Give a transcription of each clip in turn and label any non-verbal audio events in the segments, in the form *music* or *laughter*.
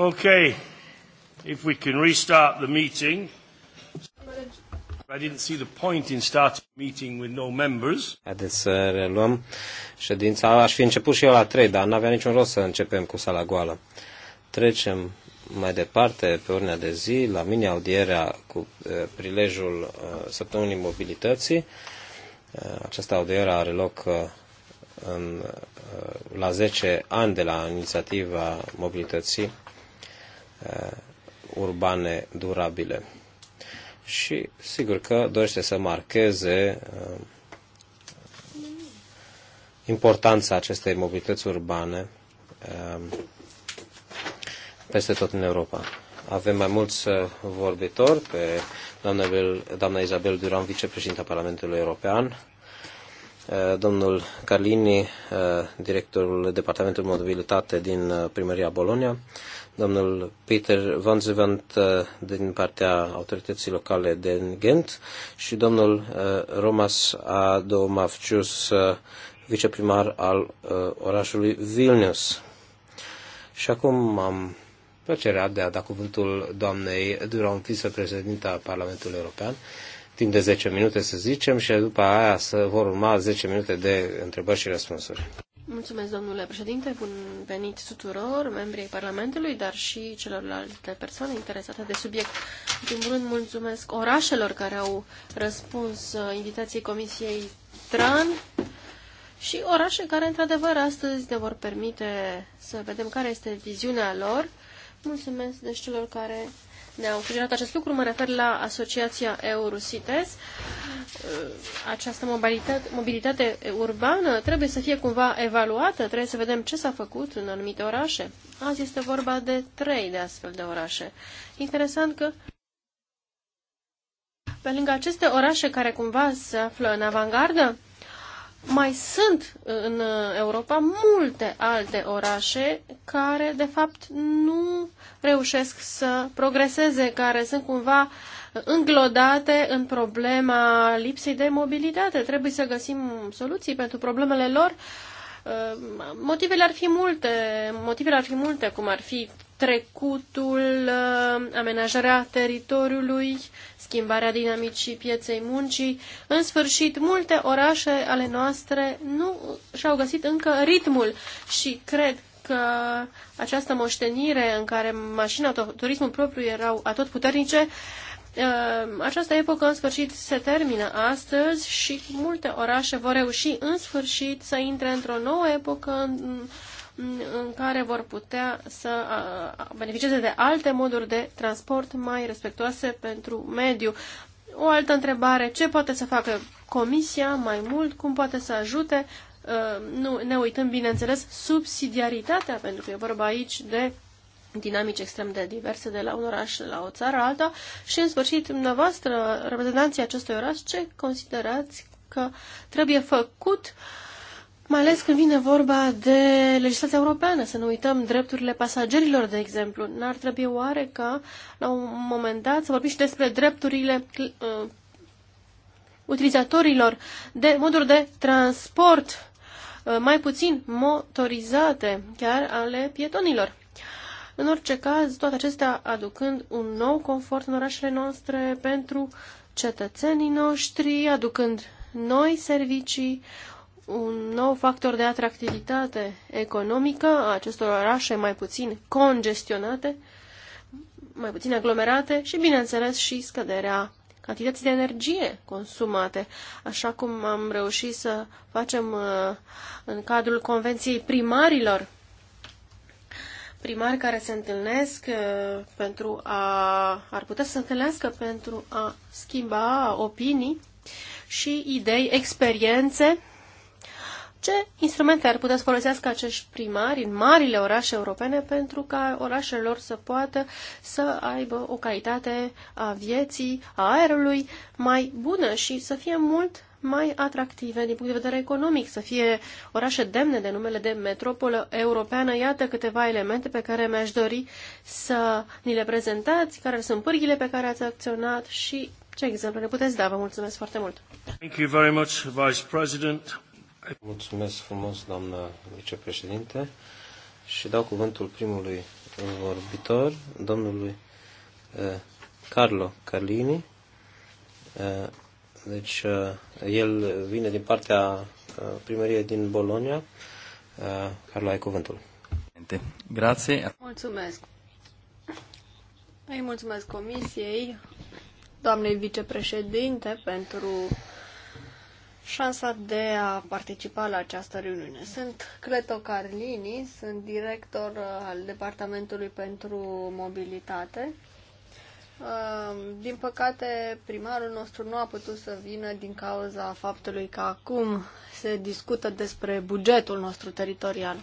Okay, if we can restart the meeting. I didn't see the point in starting a meeting with no members. Haideți să reluăm ședința. Aș fi început și eu la 3, dar n-avea niciun rost să începem cu sala goală. Trecem mai departe pe ordinea de zi la mini-audierea cu eh, prilejul eh, săptămânii mobilității. Eh, această audiere are loc în, la 10 ani de la inițiativa mobilității Uh, urbane durabile. Și sigur că dorește să marcheze uh, importanța acestei mobilități urbane uh, peste tot în Europa. Avem mai mulți vorbitori pe doamna, Bel, doamna Isabel Duran, vicepreședinta Parlamentului European, domnul Carlini, directorul Departamentului Mobilitate din Primăria Bologna, domnul Peter Van Zevant uh, din partea autorității locale din Ghent și domnul uh, Romas Adomavcius, uh, viceprimar al orașului Vilnius. Și acum am plăcerea de a da cuvântul doamnei Duron, vicepreședinta a Parlamentului European, timp de 10 minute să zicem și după aia să vor urma 10 minute de întrebări și răspunsuri. Mulțumesc, domnule președinte, bun venit tuturor, membrii Parlamentului, dar și celorlalte persoane interesate de subiect. În primul rând, mulțumesc orașelor care au răspuns uh, invitației Comisiei TRAN și orașe care, într-adevăr, astăzi ne vor permite să vedem care este viziunea lor. Mulțumesc, deci, celor care ne-au sugerat acest lucru, mă refer la Asociația Eurosites. Uh, această mobilitate, mobilitate urbană trebuie să fie cumva evaluată, trebuie să vedem ce s-a făcut în anumite orașe. Azi este vorba de trei de astfel de orașe. Interesant că pe lângă aceste orașe care cumva se află în avangardă, mai sunt uh, în uh, Europa multe alte orașe care, de fapt, nu reușesc să progreseze, care sunt cumva uh, înglodate în problema lipsei de mobilitate. Trebuie să găsim soluții pentru problemele lor. Motivele ar fi multe, motivele ar fi multe, cum ar fi trecutul, amenajarea teritoriului, schimbarea dinamicii pieței muncii. În sfârșit, multe orașe ale noastre nu și-au găsit încă ritmul și cred că această moștenire în care mașina, turismul propriu erau atot puternice, uh, această epocă în sfârșit se termină astăzi și multe orașe vor reuși în sfârșit să intre într-o nouă epocă, în care vor putea să beneficieze de alte moduri de transport mai respectuoase pentru mediu. O altă întrebare, ce poate să facă Comisia mai mult, cum poate să ajute, nu, ne uităm, bineînțeles, subsidiaritatea, pentru că e vorba aici de dinamici extrem de diverse de la un oraș la o țară alta și, în sfârșit, dumneavoastră, reprezentanții acestui oraș, ce considerați că trebuie făcut uh, mai ales când vine vorba de legislația europeană, să nu uităm drepturile pasagerilor, de exemplu. N-ar trebui oare ca, la un moment dat, să vorbim și despre drepturile uh, utilizatorilor de moduri de transport uh, mai puțin motorizate, chiar ale pietonilor. În orice caz, toate acestea aducând un nou confort în orașele noastre pentru cetățenii noștri, aducând noi servicii, un nou factor de atractivitate economică a acestor orașe mai puțin congestionate, mai puțin aglomerate și, bineînțeles, și scăderea cantității de energie consumate, așa cum am reușit să facem uh, în cadrul Convenției Primarilor, primari care se întâlnesc uh, pentru a, ar putea să se întâlnească pentru a schimba opinii și idei, experiențe ce instrumente ar putea să folosească acești primari în marile orașe europene pentru ca orașele lor să poată să aibă o calitate a vieții, a aerului mai bună și să fie mult mai atractive din punct de vedere economic, să fie orașe demne de numele de metropolă europeană. Iată câteva elemente pe care mi-aș dori să ni le prezentați, care sunt pârghile pe care ați acționat și ce exemple ne puteți da. Vă mulțumesc foarte mult! Thank you very much, Vice President. Mulțumesc frumos, doamna vicepreședinte, și dau cuvântul primului vorbitor, domnului eh, Carlo Carlini. Eh, deci, eh, el vine din partea primăriei din Bologna. Carlo, ai cuvântul. Grazie. Mulțumesc. Îi mulțumesc comisiei, doamnei vicepreședinte, pentru șansa de a participa la această reuniune. Sunt Cleto Carlini, sunt director uh, al Departamentului pentru Mobilitate. Uh, din păcate, primarul nostru nu a putut să vină din cauza faptului că acum se discută despre bugetul nostru teritorial.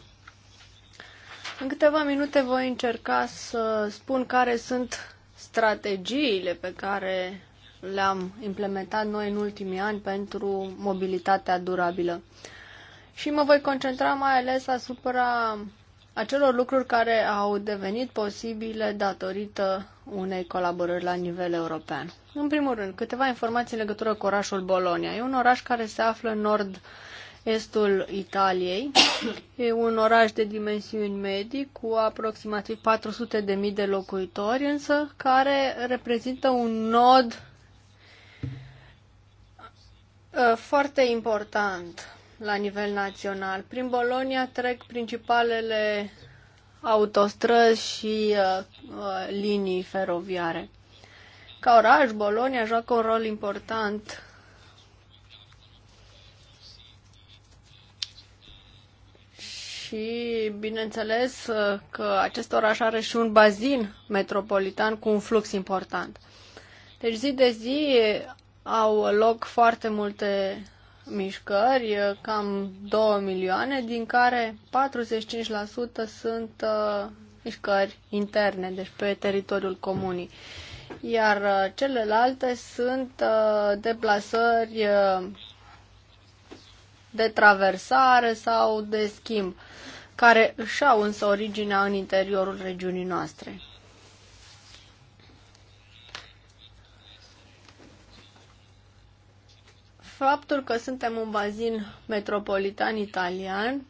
În câteva minute voi încerca să spun care sunt strategiile pe care le-am implementat noi în ultimii ani pentru mobilitatea durabilă. Și mă voi concentra mai ales asupra acelor lucruri care au devenit posibile datorită unei colaborări la nivel european. În primul rând, câteva informații în legătură cu orașul Bolonia. E un oraș care se află în nord-estul Italiei. E un oraș de dimensiuni medii cu aproximativ 400.000 de locuitori, însă care reprezintă un nod Uh, foarte important la nivel național. Prin Bolonia trec principalele autostrăzi și uh, uh linii feroviare. Ca oraș, Bolonia joacă un rol important și bineînțeles uh, că acest oraș are și un bazin metropolitan cu un flux important. Deci zi de zi au loc foarte multe mișcări, cam 2 milioane, din care 45% sunt uh, mișcări interne, deci pe teritoriul comunii. Iar uh, celelalte sunt uh, deplasări de traversare sau de schimb, care își au însă originea în interiorul regiunii noastre. faptul că suntem un bazin metropolitan italian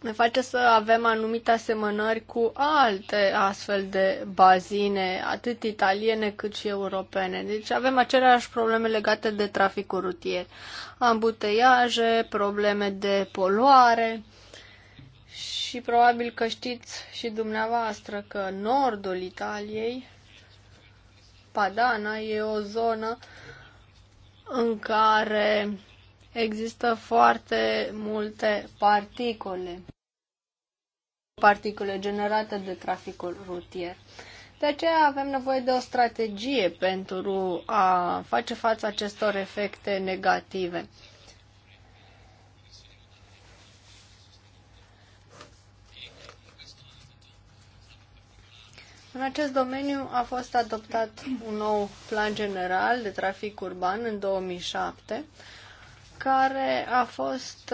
ne face să avem anumite asemănări cu alte astfel de bazine, atât italiene cât și europene. Deci avem aceleași probleme legate de traficul rutier. Ambuteiaje, probleme de poluare și probabil că știți și dumneavoastră că nordul Italiei Padana e o zonă în care există foarte multe particole, particule generate de traficul rutier. De aceea avem nevoie de o strategie pentru a face față acestor efecte negative. În acest domeniu a fost adoptat un nou plan general de trafic urban în 2007, care a fost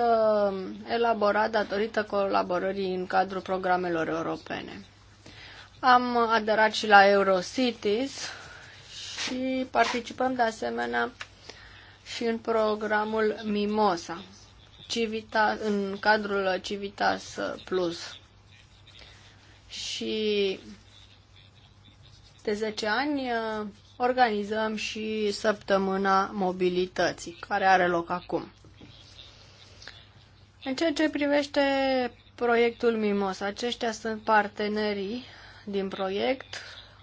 uh, elaborat datorită colaborării în cadrul programelor europene. Am aderat și la Eurocities și participăm de asemenea și în programul Mimosa, Civita, în cadrul Civitas Plus. Și peste 10 ani uh, organizăm și săptămâna mobilității, care are loc acum. În ceea ce privește proiectul MIMOS, aceștia sunt partenerii din proiect.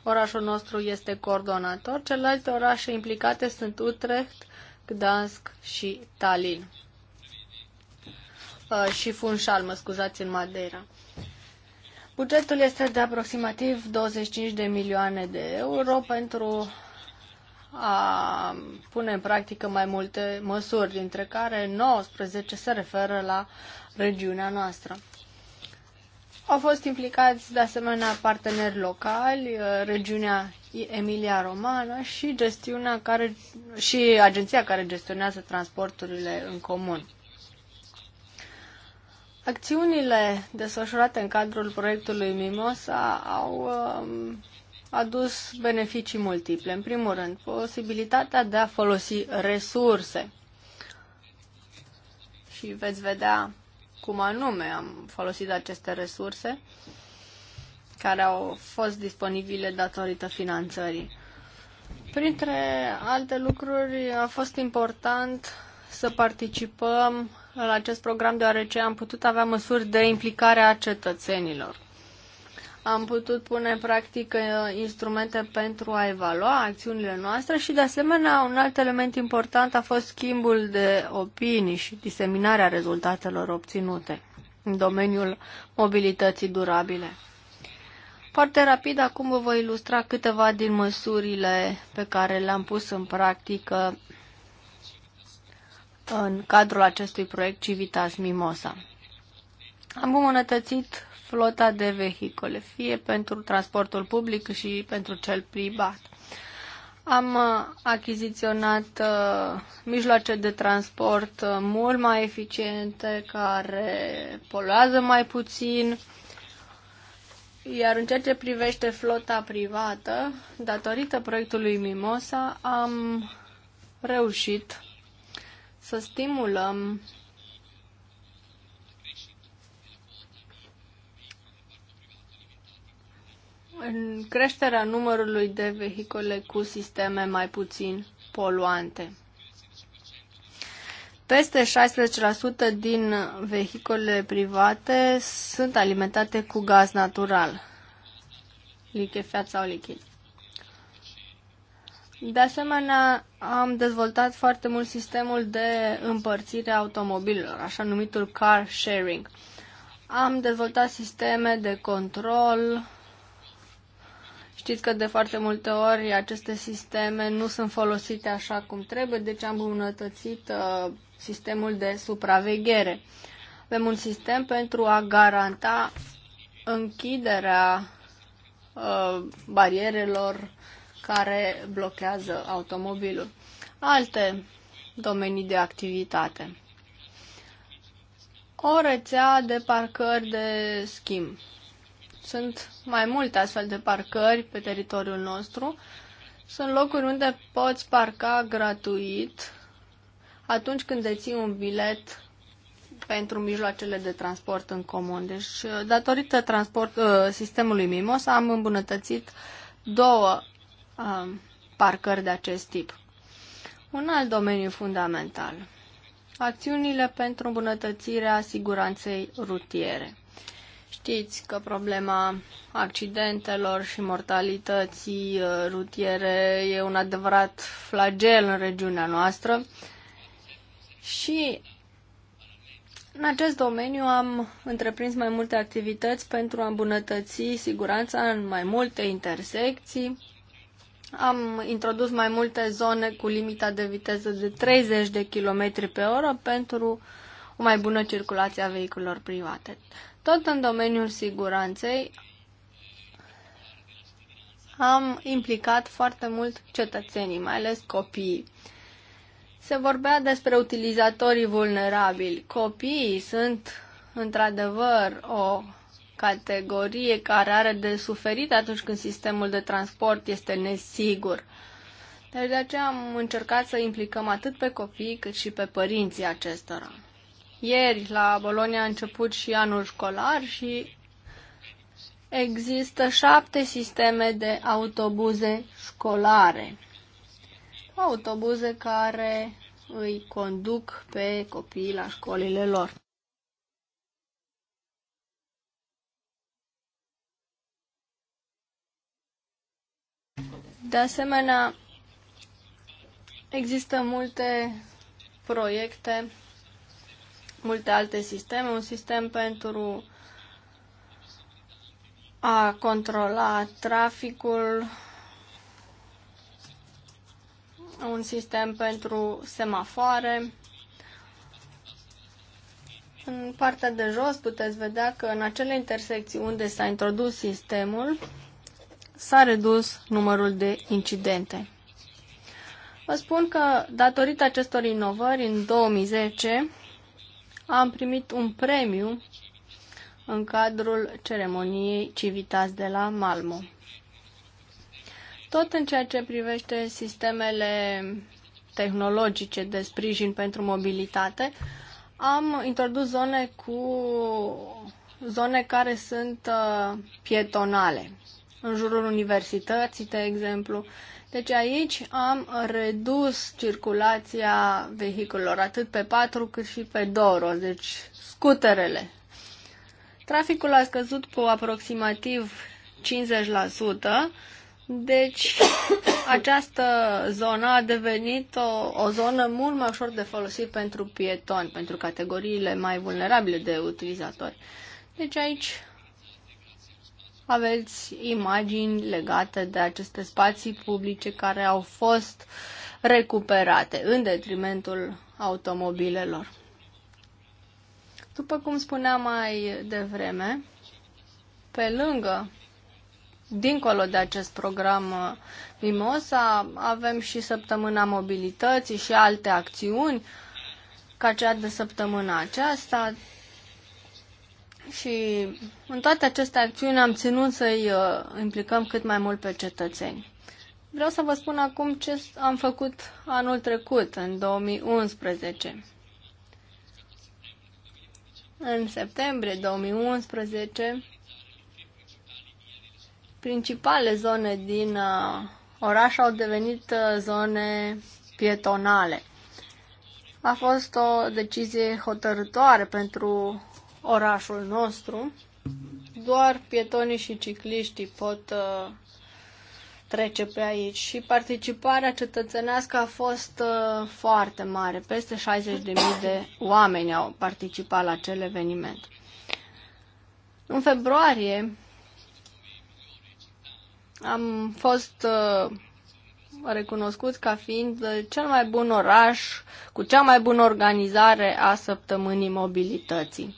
Orașul nostru este coordonator, celelalte orașe implicate sunt Utrecht, Gdansk și Tallinn. Uh, și Funșal, mă scuzați, în Madeira. Bugetul este de aproximativ 25 de milioane de euro pentru a pune în practică mai multe măsuri, dintre care 19 se referă la regiunea noastră. Au fost implicați de asemenea parteneri locali, uh, regiunea Emilia-Romană și, gestiunea care, și agenția care gestionează transporturile în comun. Acțiunile desfășurate în cadrul proiectului Mimosa au um, adus beneficii multiple. În primul rând, posibilitatea de a folosi resurse. Și veți vedea cum anume am folosit aceste resurse care au fost disponibile datorită finanțării. Printre alte lucruri, a fost important să participăm în acest program deoarece am putut avea măsuri de implicare a cetățenilor. Am putut pune în practică uh, instrumente pentru a evalua acțiunile noastre și, de asemenea, un alt element important a fost schimbul de opinii și diseminarea rezultatelor obținute în domeniul mobilității durabile. Foarte rapid, acum vă voi ilustra câteva din măsurile pe care le-am pus în practică în cadrul acestui proiect Civitas Mimosa. Am îmbunătățit flota de vehicole, fie pentru transportul public și pentru cel privat. Am uh, achiziționat uh, mijloace de transport uh, mult mai eficiente, care poluează mai puțin, iar în ceea ce privește flota privată, datorită proiectului Mimosa, am reușit să stimulăm în creșterea numărului de vehicole cu sisteme mai puțin poluante. Peste 16% din vehicolele private sunt alimentate cu gaz natural, lichefiat sau lichid. De asemenea, am dezvoltat foarte mult sistemul de împărțire a automobilelor, așa numitul car sharing. Am dezvoltat sisteme de control. Știți că de foarte multe ori aceste sisteme nu sunt folosite așa cum trebuie, deci am îmbunătățit uh, sistemul de supraveghere. Avem un sistem pentru a garanta închiderea uh, barierelor care blochează automobilul. Alte domenii de activitate. O rețea de parcări de schimb. Sunt mai multe astfel de parcări pe teritoriul nostru. Sunt locuri unde poți parca gratuit atunci când deții un bilet pentru mijloacele de transport în comun. Deci, datorită transport, ă, sistemului MIMOS, am îmbunătățit două Um, parcări de acest tip. Un alt domeniu fundamental. Acțiunile pentru îmbunătățirea siguranței rutiere. Știți că problema accidentelor și mortalității uh, rutiere e un adevărat flagel în regiunea noastră și în acest domeniu am întreprins mai multe activități pentru a îmbunătăți siguranța în mai multe intersecții, am introdus mai multe zone cu limita de viteză de 30 de km pe oră pentru o mai bună circulație a vehiculelor private. Tot în domeniul siguranței am implicat foarte mult cetățenii, mai ales copiii. Se vorbea despre utilizatorii vulnerabili. Copiii sunt într-adevăr o categorie care are de suferit atunci când sistemul de transport este nesigur. Deci de aceea am încercat să implicăm atât pe copii cât și pe părinții acestora. Ieri la Bolonia a început și anul școlar și există șapte sisteme de autobuze școlare. Autobuze care îi conduc pe copiii la școlile lor. De asemenea, există multe proiecte, multe alte sisteme, un sistem pentru a controla traficul, un sistem pentru semafoare. În partea de jos puteți vedea că în acele intersecții unde s-a introdus sistemul, s-a redus numărul de incidente. Vă spun că, datorită acestor inovări, în 2010 am primit un premiu în cadrul ceremoniei Civitas de la Malmo. Tot în ceea ce privește sistemele tehnologice de sprijin pentru mobilitate, am introdus zone cu zone care sunt uh, pietonale în jurul universității, de exemplu. Deci aici am redus circulația vehiculor atât pe patru cât și pe două deci scuterele. Traficul a scăzut cu aproximativ 50%, deci această zonă a devenit o, o zonă mult mai ușor de folosit pentru pietoni, pentru categoriile mai vulnerabile de utilizatori. Deci aici aveți imagini legate de aceste spații publice care au fost recuperate în detrimentul automobilelor. După cum spuneam mai devreme, pe lângă, dincolo de acest program uh, Mimosa, avem și săptămâna mobilității și alte acțiuni, ca cea de săptămâna aceasta, și în toate aceste acțiuni am ținut să-i uh, implicăm cât mai mult pe cetățeni. Vreau să vă spun acum ce am făcut anul trecut, în 2011. În septembrie 2011, principale zone din uh, oraș au devenit uh, zone pietonale. A fost o decizie hotărătoare pentru orașul nostru. Doar pietonii și cicliștii pot uh, trece pe aici și participarea cetățenească a fost uh, foarte mare. Peste 60.000 de oameni au participat la acel eveniment. În februarie am fost uh, recunoscut ca fiind cel mai bun oraș cu cea mai bună organizare a săptămânii mobilității.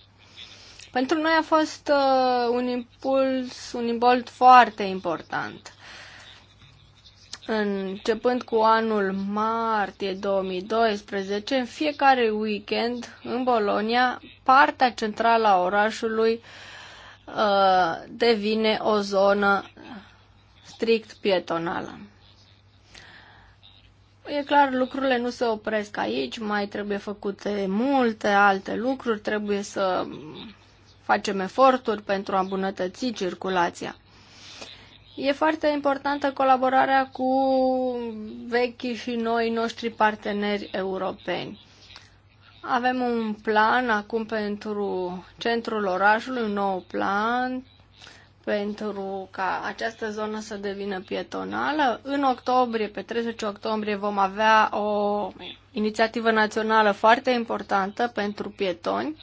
Pentru noi a fost uh, un impuls, un imbolt foarte important. Începând cu anul martie 2012, în fiecare weekend în Bolonia, partea centrală a orașului uh, devine o zonă strict pietonală. E clar, lucrurile nu se opresc aici, mai trebuie făcute multe alte lucruri, trebuie să facem eforturi pentru a îmbunătăți circulația. E foarte importantă colaborarea cu vechi și noi noștri parteneri europeni. Avem un plan acum pentru centrul orașului, un nou plan pentru ca această zonă să devină pietonală. În octombrie, pe 30 octombrie, vom avea o inițiativă națională foarte importantă pentru pietoni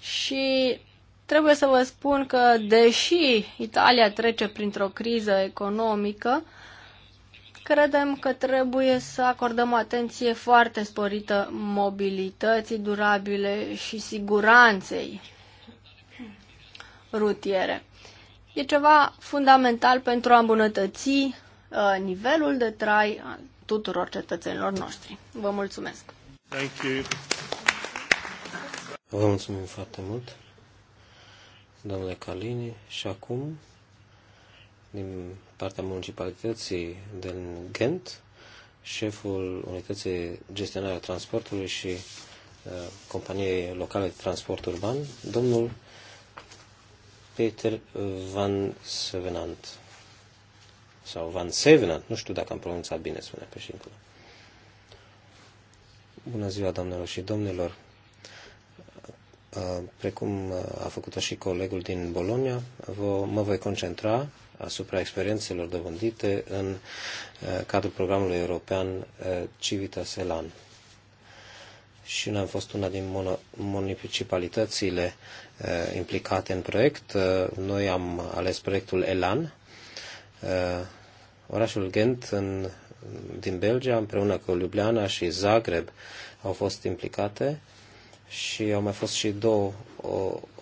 și trebuie să vă spun că, deși Italia trece printr-o criză economică, credem că trebuie să acordăm atenție foarte sporită mobilității durabile și siguranței rutiere. E ceva fundamental pentru a îmbunătăți uh, nivelul de trai al tuturor cetățenilor noștri. Vă mulțumesc! Thank you. Vă mulțumim foarte mult, domnule Calini. Și acum, din partea municipalității din Ghent, șeful unității gestionare a transportului și uh, companiei locale de transport urban, domnul Peter Van Sevenant. Sau Van Sevenant, nu știu dacă am pronunțat bine, spune președintele. Bună ziua, doamnelor și domnilor! precum a făcut-o și colegul din Bologna, mă voi concentra asupra experiențelor dobândite în cadrul programului european Civitas Elan. Și noi am fost una din municipalitățile implicate în proiect. Noi am ales proiectul Elan. Orașul Ghent în, din Belgia, împreună cu Ljubljana și Zagreb, au fost implicate și au mai fost și două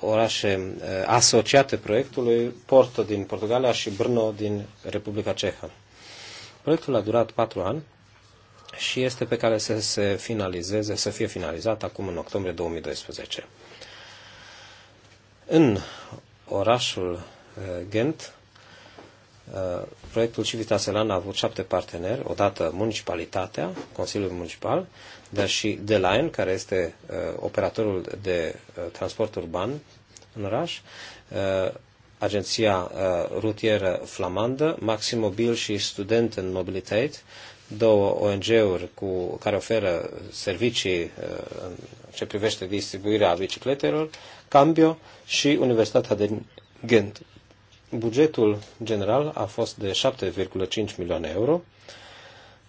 orașe uh, asociate proiectului, Porto din Portugalia și Brno din Republica Cehă. Proiectul a durat patru ani și este pe care să se finalizeze, să fie finalizat acum în octombrie 2012. În orașul uh, Ghent, uh, proiectul Civitas Elan a avut șapte parteneri, odată municipalitatea, Consiliul Municipal, dar și The Line, care este uh, operatorul de uh, transport urban în oraș, uh, agenția uh, rutieră flamandă, Maximobil și Student în Mobilitate, două ONG-uri cu, care oferă servicii uh, în ce privește distribuirea bicicletelor, Cambio și Universitatea de Ghent. Bugetul general a fost de 7,5 milioane euro,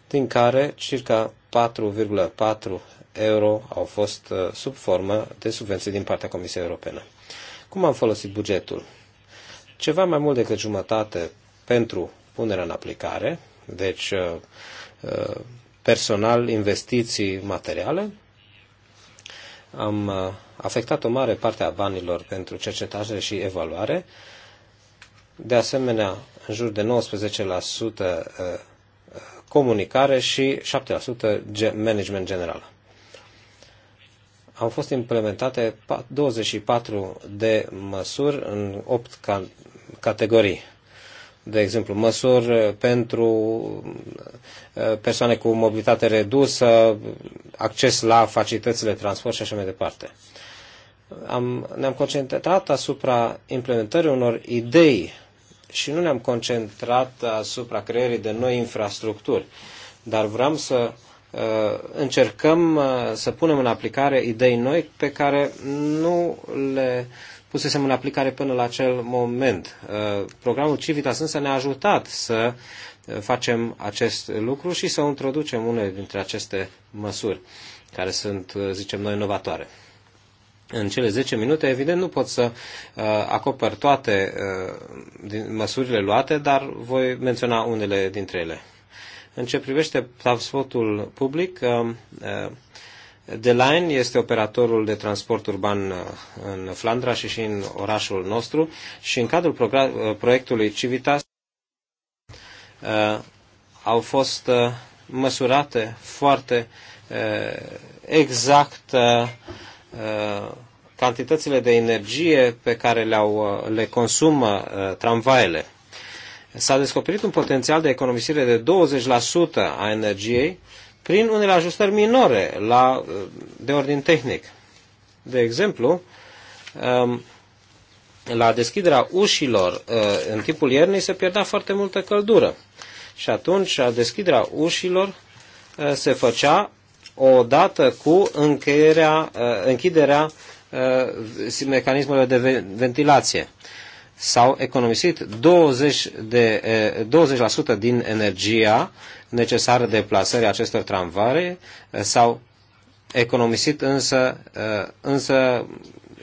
din care circa 4,4 euro au fost uh, sub formă de subvenții din partea Comisiei Europene. Cum am folosit bugetul? Ceva mai mult decât jumătate pentru punerea în aplicare, deci uh, uh, personal, investiții, materiale. Am afectat o mare parte a banilor pentru cercetare și evaluare. De asemenea, în jur de 19% comunicare și 7% management general. Au fost implementate 24 de măsuri în 8 categorii de exemplu, măsuri pentru uh, persoane cu mobilitate redusă, acces la facilitățile transport și așa mai departe. Am, ne-am concentrat asupra implementării unor idei și nu ne-am concentrat asupra creierii de noi infrastructuri, dar vreau să uh, încercăm uh, să punem în aplicare idei noi pe care nu le pusesem în aplicare până la acel moment. Uh, programul Civitas însă ne-a ajutat să facem acest lucru și să introducem unele dintre aceste măsuri care sunt, zicem noi, inovatoare în cele 10 minute, evident, nu pot să uh, acoper toate uh, măsurile luate, dar voi menționa unele dintre ele. În ce privește transportul public, uh, uh, Line este operatorul de transport urban uh, în Flandra și și în orașul nostru și în cadrul uh, proiectului Civitas uh, au fost uh, măsurate foarte uh, exact uh, Uh, cantitățile de energie pe care le-au, uh, le consumă uh, tramvaele. S-a descoperit un potențial de economisire de 20% a energiei prin unele ajustări minore la, de ordin tehnic. De exemplu, um, la deschiderea ușilor în timpul iernii se pierdea foarte multă căldură. Și atunci deschiderea ușilor se făcea odată cu încheierea, uh, închiderea uh, mecanismelor de ventilație. S-au economisit 20%, de, 20% uh, din energia necesară de plasării acestor tramvare, s-au economisit însă, însă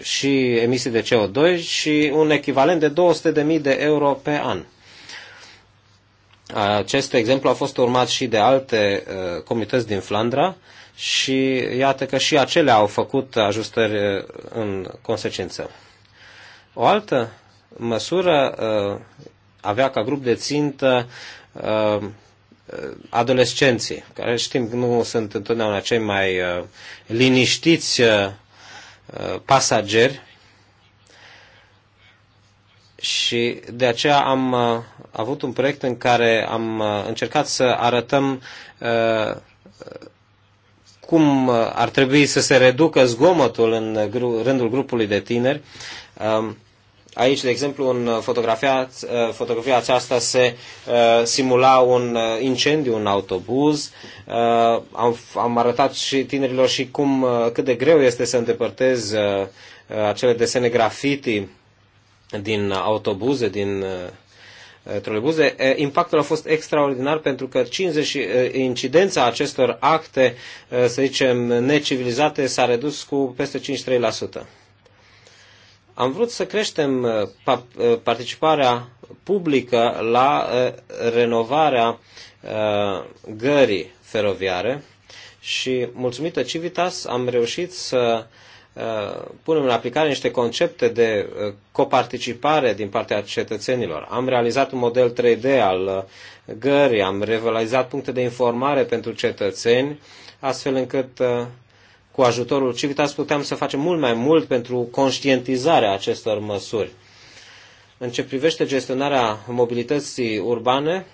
și emisii de CO2 și un echivalent de 200.000 de euro pe an. Acest exemplu a fost urmat și de alte comități din Flandra, și iată că și acele au făcut ajustări uh, în consecință. O altă măsură uh, avea ca grup de țintă uh, adolescenții, care știm că nu sunt întotdeauna cei mai liniștiți pasageri și de aceea am avut un proiect în care am încercat să arătăm cum uh, ar trebui să se reducă zgomotul în rândul grupului de tineri. Um, aici, de exemplu, în fotografia, uh, fotografia aceasta se uh, simula un incendiu, un autobuz. am, am arătat și tinerilor și cum, cât de greu este să îndepărtez acele desene grafiti din autobuze, din uh, Eh, trolebuze. Eh, impactul a fost extraordinar pentru că 50, eh, incidența acestor acte, să zicem, necivilizate s-a redus cu peste 53%. Am vrut să creștem participarea publică la renovarea gării feroviare și, mulțumită Civitas, am reușit să Uh, punem în aplicare niște concepte de uh, coparticipare din partea cetățenilor. Am realizat un model 3D al uh, gării, am realizat puncte de informare pentru cetățeni, astfel încât cu ajutorul Civitas puteam să facem mult mai mult pentru conștientizarea acestor măsuri. În ce privește gestionarea mobilității urbane,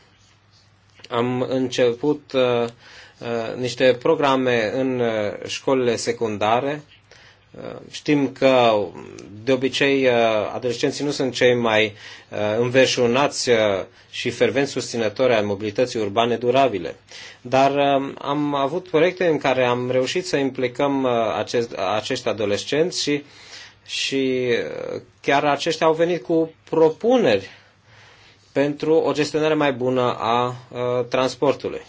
am început uh, niște programe în școlile secundare Uh, știm că uh, de obicei uh, adolescenții nu sunt cei mai înverșunați și fervenți susținători ai mobilității urbane durabile. Dar am avut proiecte în care am reușit să implicăm acest, acești adolescenți și, și chiar aceștia au venit cu propuneri pentru o gestionare mai bună a transportului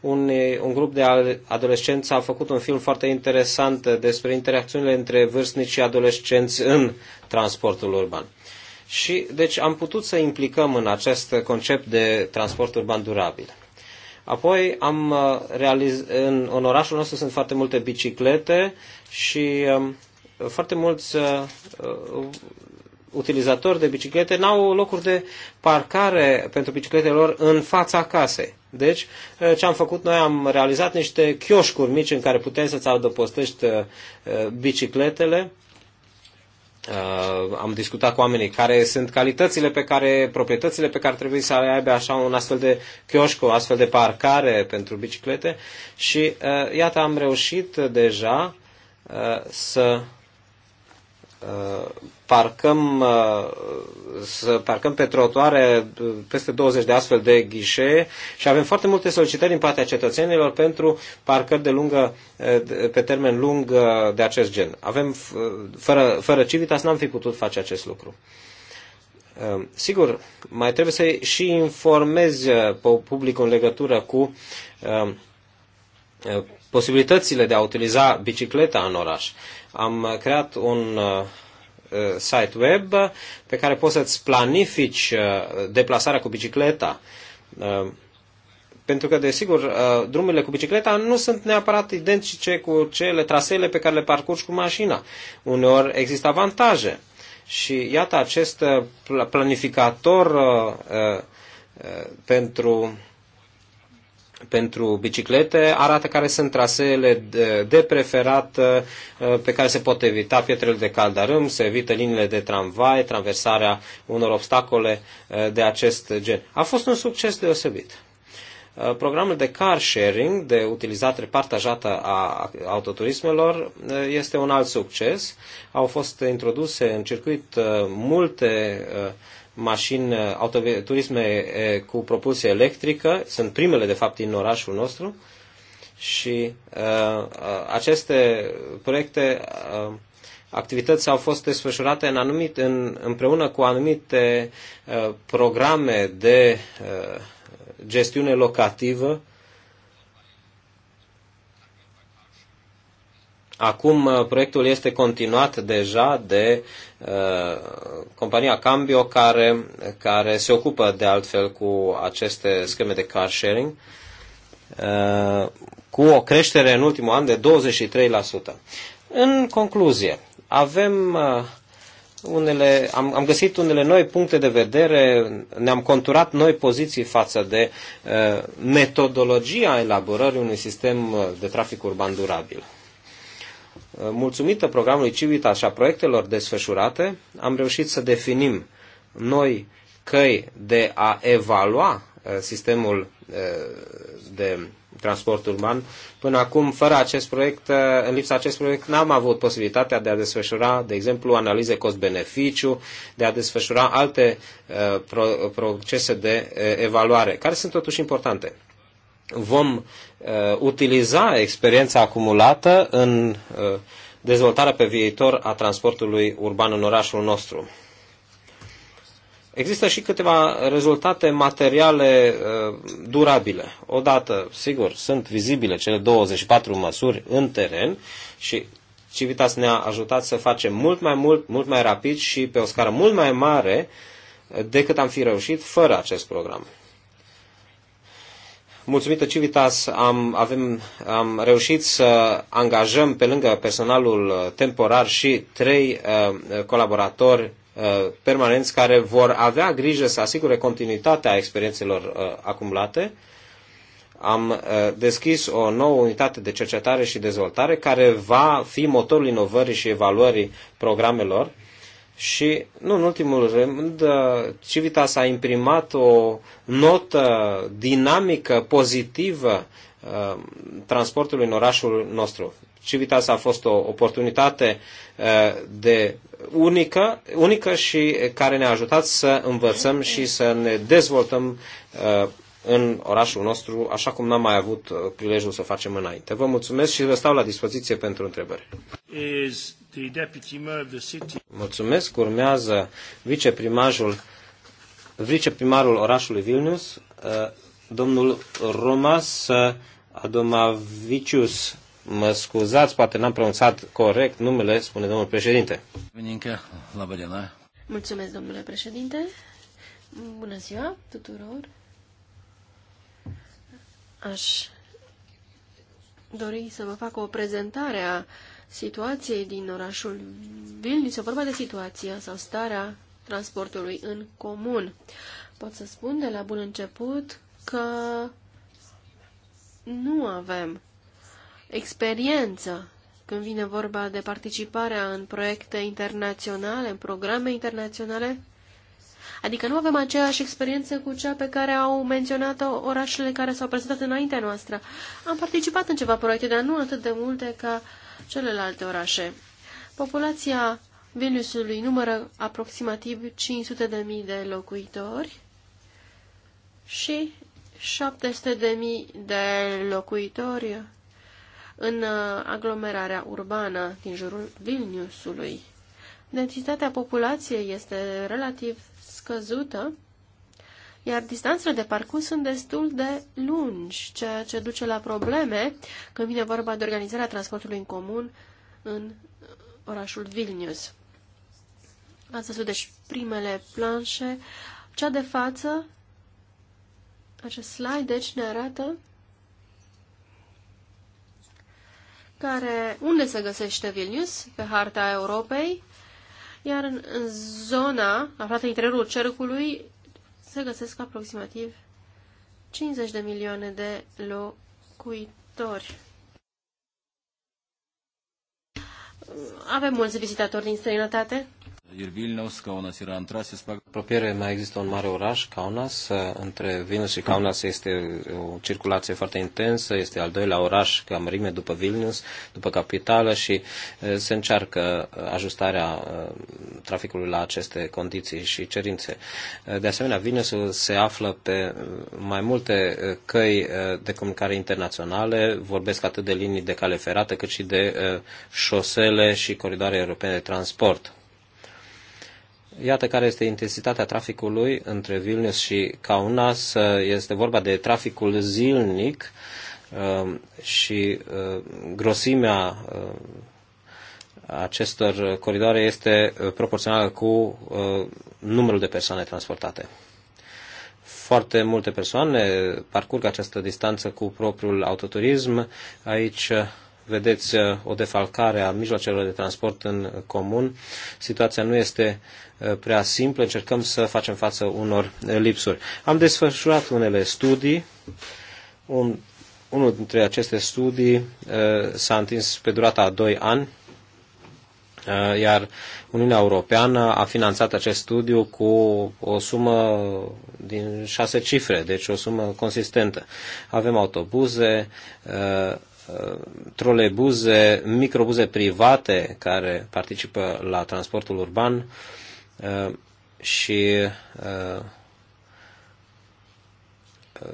un, un grup de adolescenți a făcut un film foarte interesant despre interacțiunile între vârstnici și adolescenți în transportul urban. Și deci am putut să implicăm în acest concept de transport urban durabil. Apoi am uh, realiz... în, în orașul nostru sunt foarte multe biciclete și um, foarte mulți uh, uh, utilizatori de biciclete n-au locuri de parcare pentru bicicletele lor în fața casei. Deci, eh, ce am făcut noi, am realizat niște chioșcuri mici în care puteai să-ți adăpostești eh, eh, bicicletele. Am discutat cu oamenii care sunt calitățile pe care, proprietățile pe care trebuie să le aibă așa un astfel de chioșc, o astfel de parcare pentru biciclete și iată am reușit deja să parcăm, să parcăm pe trotuare peste 20 de astfel de ghișe și avem foarte multe solicitări din partea cetățenilor pentru parcări de lungă, pe termen lung de acest gen. Avem, fără, fără Civitas n-am fi putut face acest lucru. Sigur, mai trebuie să și informezi uh, publicul în legătură cu uh, uh, posibilitățile de a utiliza bicicleta în oraș am creat un uh, uh, site web pe care poți să-ți planifici uh, deplasarea cu bicicleta. Pentru că, desigur, drumurile cu bicicleta nu sunt neapărat identice cu cele traseele pe care le parcurgi cu mașina. Uneori există avantaje. Și iată acest planificator pentru pentru biciclete arată care sunt traseele de preferat uh, pe care se pot evita pietrele de caldarâm, se evită liniile de tramvai, traversarea unor obstacole uh, de acest gen. A fost un succes deosebit. Uh, programul de car sharing, de utilizare partajată a autoturismelor, este un alt succes. Au fost introduse în circuit multe uh, mașini, uh, turisme uh, cu propulsie electrică, sunt primele de fapt din orașul nostru și uh, uh, aceste proiecte, uh, activități au fost desfășurate în anumit, în, împreună cu anumite uh, programe de uh, gestiune locativă Acum uh, proiectul este continuat deja de uh, compania Cambio care, care se ocupă de altfel cu aceste scheme de car sharing uh, cu o creștere în ultimul an de 23%. În concluzie, avem uh, unele, am, am găsit unele noi puncte de vedere, ne-am conturat noi poziții față de uh, metodologia elaborării unui sistem uh, de trafic urban durabil. Mulțumită programului Civita și a proiectelor desfășurate, am reușit să definim noi căi de a evalua uh, sistemul uh, de transport urban. Până acum, fără acest proiect, uh, în lipsa acest proiect, n-am avut posibilitatea de a desfășura, de exemplu, analize cost-beneficiu, de a desfășura alte procese de evaluare, care sunt totuși importante vom uh, utiliza experiența acumulată în uh, dezvoltarea pe viitor a transportului urban în orașul nostru. Există și câteva rezultate materiale uh, durabile. Odată, sigur, sunt vizibile cele 24 măsuri în teren și Civitas ne-a ajutat să facem mult mai mult, mult mai rapid și pe o scară mult mai mare decât am fi reușit fără acest program mulțumită Civitas, am, avem, am reușit să angajăm pe lângă personalul uh, temporar și trei uh, colaboratori uh, permanenți care vor avea grijă să asigure continuitatea experiențelor uh, acumulate. Am uh, deschis o nouă unitate de cercetare și dezvoltare care va fi motorul inovării și evaluării programelor și, nu în ultimul rând, uh, Civitas a imprimat o notă dinamică, pozitivă uh, transportului în orașul nostru. Civitas a fost o oportunitate uh, de unică, unică și care ne-a ajutat să învățăm și să ne dezvoltăm în orașul nostru, așa cum n-am mai avut prilejul să facem înainte. Vă mulțumesc și vă stau la dispoziție pentru întrebări. Mulțumesc. Urmează viceprimarul, viceprimarul orașului Vilnius, uh, domnul Romas uh, Adomavicius. Mă scuzați, poate n-am pronunțat corect numele, spune domnul președinte. Mulțumesc, domnule președinte. Bună ziua tuturor. Aș dori să vă fac o prezentare a situației din orașul Vilnius, o vorba de situația sau starea transportului în comun. Pot să spun de la bun început că nu avem experiență când vine vorba de participarea în proiecte internaționale, în programe internaționale. Adică nu avem aceeași experiență cu cea pe care au menționat-o orașele care s-au prezentat înaintea noastră. Am participat în ceva proiecte, dar nu atât de multe ca uh, celelalte orașe. Populația Vilniusului numără aproximativ 500.000 de locuitori și 700.000 de locuitori în uh, aglomerarea urbană din jurul Vilniusului. Densitatea populației este relativ scăzută iar distanțele de parcurs sunt destul de lungi, ceea ce duce la probleme când vine vorba de organizarea transportului în comun în orașul Vilnius. Asta sunt deci, primele planșe. Cea de față, acest slide, deci, ne arată care, unde se găsește Vilnius pe harta Europei, iar în zona aflată în interiorul cercului se găsesc aproximativ 50 de milioane de locuitori. Avem mulți vizitatori din străinătate Ir Vilniaus, Kaunas yra antrasis pagal. Apropiere mai există un mare oraș, Kaunas. Între Vilnius și Kaunas este o circulație foarte intensă. Este al doilea oraș ca mărime după Vilnius, după capitală și se încearcă ajustarea traficului la aceste condiții și cerințe. De asemenea, Vilnius se află pe mai multe căi de comunicare internaționale. Vorbesc atât de linii de cale ferată cât și de șosele și coridoare europene de transport Iată care este intensitatea traficului între Vilnius și Kaunas. Este vorba de traficul zilnic um, și uh, grosimea uh, acestor coridoare este uh, proporțională cu numărul de persoane transportate. Foarte multe persoane parcurg această distanță cu propriul autoturism. Aici vedeți uh, o defalcare a mijloacelor de transport în comun. Situația nu este uh, prea simplă, încercăm să facem față unor uh, lipsuri. Am desfășurat unele studii, un, unul dintre aceste studii s-a întins pe durata a 2 ani, iar Uniunea Europeană a finanțat acest studiu cu o sumă din șase cifre, deci o sumă consistentă. Avem autobuze, trolebuze, microbuze private care participă la transportul urban uh, și uh, uh,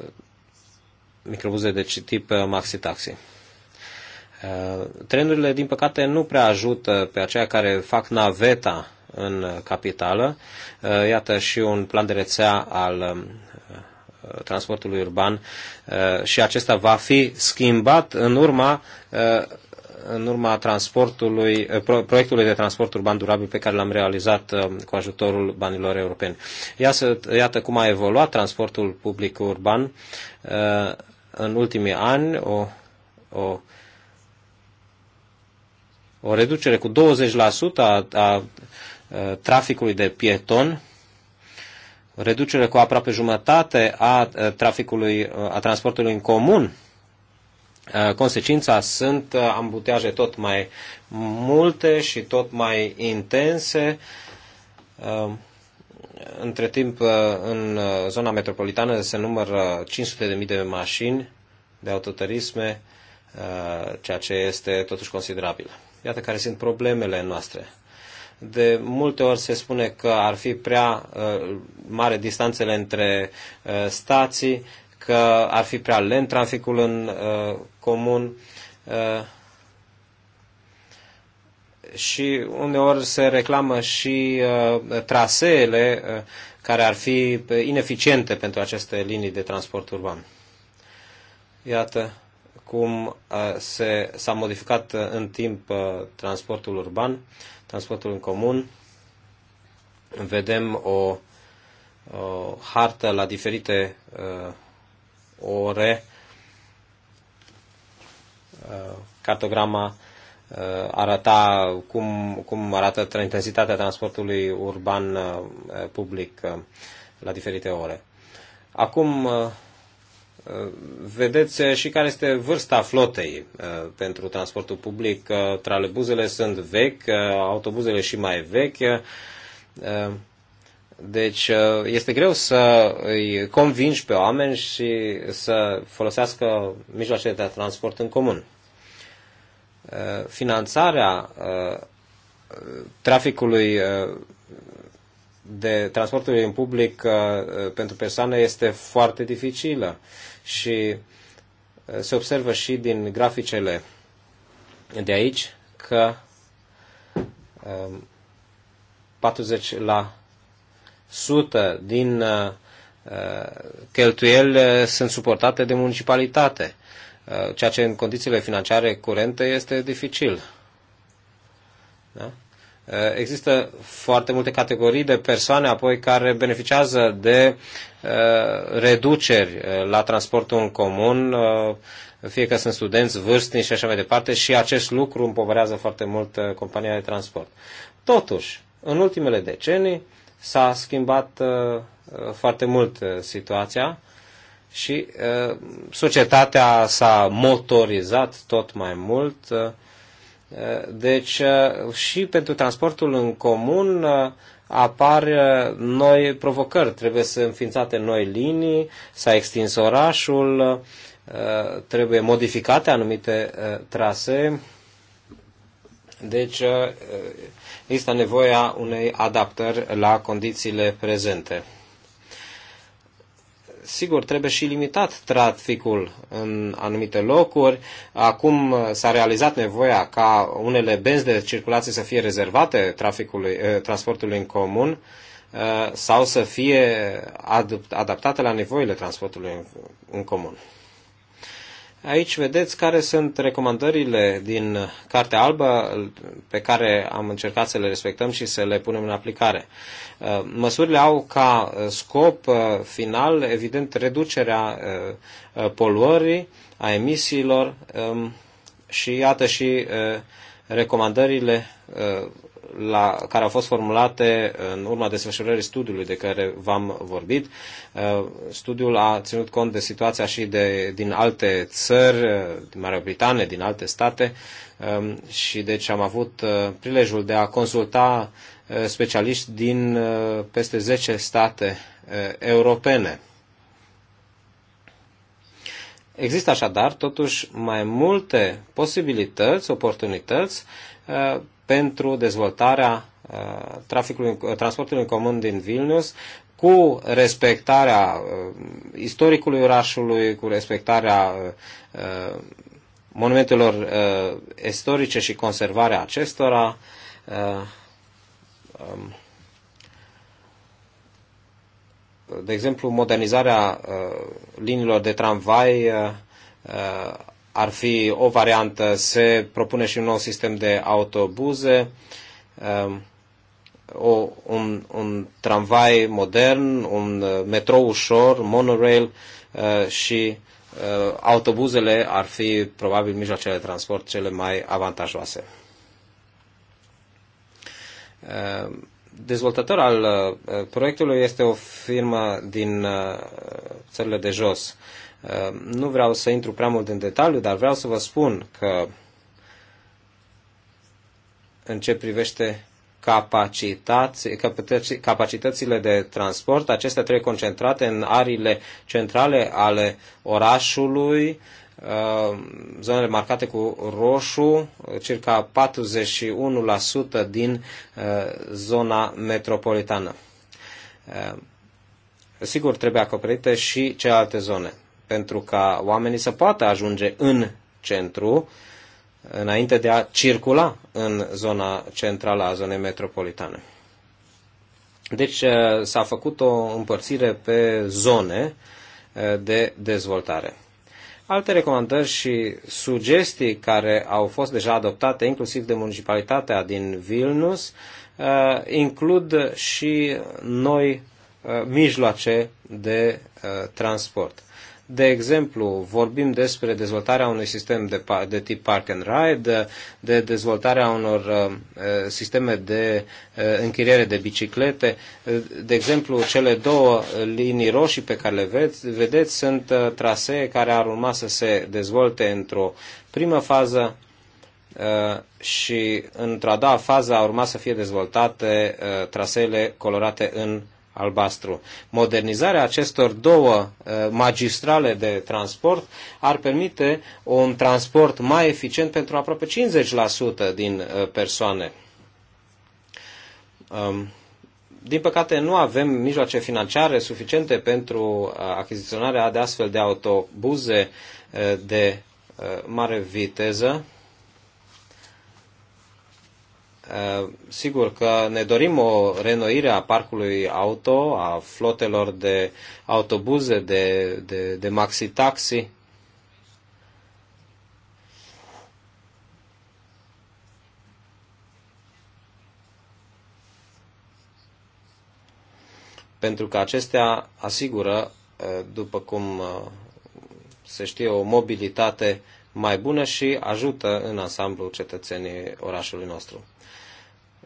microbuze de tip maxi-taxi. Trenurile, din păcate, nu prea ajută pe aceia care fac naveta în capitală. Iată și un plan de rețea al Uh, transportului urban uh, și acesta va fi schimbat în urma uh, în urma transportului, proiectului de transport urban durabil pe care l-am realizat cu ajutorul banilor europeni. Iată cum a evoluat transportul public urban în ultimii ani, o, o, o reducere cu 20% a, a traficului de pieton, reducere cu aproape jumătate a traficului, a transportului în comun. Consecința sunt ambuteaje tot mai multe și tot mai intense. Între timp, în zona metropolitană se numără 500.000 de mașini de autoturisme, ceea ce este totuși considerabil. Iată care sunt problemele noastre. De multe ori se spune că ar fi prea uh, mare distanțele între uh, stații, că ar fi prea lent traficul în uh, comun și uneori se reclamă și traseele care ar fi ineficiente pentru aceste linii de transport urban. Iată cum se, s-a modificat în timp transportul urban transportul în comun. Vedem o, o hartă la diferite uh, ore, uh, cartograma uh, arăta cum, cum arată intensitatea transportului urban uh, public uh, la diferite ore. Acum, uh, Vedeți eh, și care este vârsta flotei eh, pentru transportul public. Tralebuzele sunt vechi, eh, autobuzele și mai vechi. Deci este greu să îi convingi pe oameni și să folosească mijloacele de transport în comun. Finanțarea traficului de transportul în public pentru persoane este foarte dificilă și uh, se observă și din graficele de aici că 40 um, la 100 din uh, uh, cheltuieli sunt suportate de municipalitate, ceea ce în condițiile financiare curente este dificil. Da? Eh, există foarte multe categorii de persoane apoi care beneficiază de eh, reduceri eh, la transportul în comun, fie că sunt studenți, vârstnici și așa mai departe, și acest lucru împovărează foarte mult compania de transport. Totuși, în ultimele decenii s-a schimbat foarte mult situația și societatea s-a motorizat tot mai mult, deci uh, și pentru transportul în comun uh, apar uh, noi provocări. Trebuie să înființate noi linii, s-a extins orașul, trebuie modificate anumite trasee. Deci există nevoia unei adaptări la condițiile prezente sigur, trebuie și limitat traficul în anumite locuri. Acum uh, s-a realizat nevoia ca unele benzi de circulație să fie rezervate traficului, uh, transportului în comun uh, sau să fie adaptate la nevoile transportului în comun. Aici vedeți care sunt recomandările din Cartea Albă pe care am încercat să le respectăm și să le punem în aplicare. Uh, măsurile au ca uh, scop uh, final, evident, reducerea poluării, a emisiilor um, și iată și recomandările la, care au fost formulate în urma desfășurării studiului de care v-am vorbit. Uh, studiul a ținut cont de situația și de, din alte țări, uh, din Marea Britanie, din alte state um, și deci am avut uh, prilejul de a consulta specialiști din peste 10 state europene. Există așadar, totuși, mai multe posibilități, oportunități pentru dezvoltarea uh, traficului, uh, transportului în comun din Vilnius, cu respectarea uh, istoricului orașului, cu respectarea monumentelor istorice și conservarea acestora. Um, de exemplu, modernizarea liniilor de tramvai ar fi o variantă. Se propune și un nou sistem de autobuze, um, o, un, un tramvai modern, un uh, metrou ușor, monorail uh, și uh, autobuzele ar fi probabil mijloacele de transport cele mai avantajoase. Dezvoltător al proiectului este o firmă din țările de jos Uh, nu vreau să intru prea mult în detaliu, dar vreau să vă spun că în ce privește capacitățile de transport. Acestea trebuie concentrate în arile centrale ale orașului, uh, zonele marcate cu roșu, circa 41% din uh, zona metropolitană. Sigur, trebuie acoperite și celelalte zone pentru ca oamenii să poată ajunge în centru înainte de a circula în zona centrală a zonei metropolitane. Deci eh, s-a făcut o împărțire pe zone eh, de dezvoltare. Alte recomandări și sugestii care au fost deja adoptate, inclusiv de municipalitatea din Vilnius, eh, includ și noi mijloace de transport. De exemplu, vorbim despre dezvoltarea unui sistem de, de tip park and ride, de dezvoltarea unor uh, uh, sisteme de uh, închiriere de biciclete. De exemplu, cele două linii roșii pe care le vedeți sunt trasee care ar urma să se dezvolte într-o primă fază și într-a doua fază ar urma să fie dezvoltate traseele colorate în albastru. Modernizarea acestor două eh, magistrale de transport ar permite un transport mai eficient pentru aproape 50% din eh, persoane. Din păcate, nu avem mijloace financiare suficiente pentru eh, achiziționarea de astfel de autobuze de mare viteză Eh, sigur că ne dorim o renoire a parcului auto, a flotelor de autobuze, de, de, de maxi-taxi. Pentru că acestea asigură, eh, după cum eh, se știe, o mobilitate mai bună și ajută în ansamblu cetățenii orașului nostru.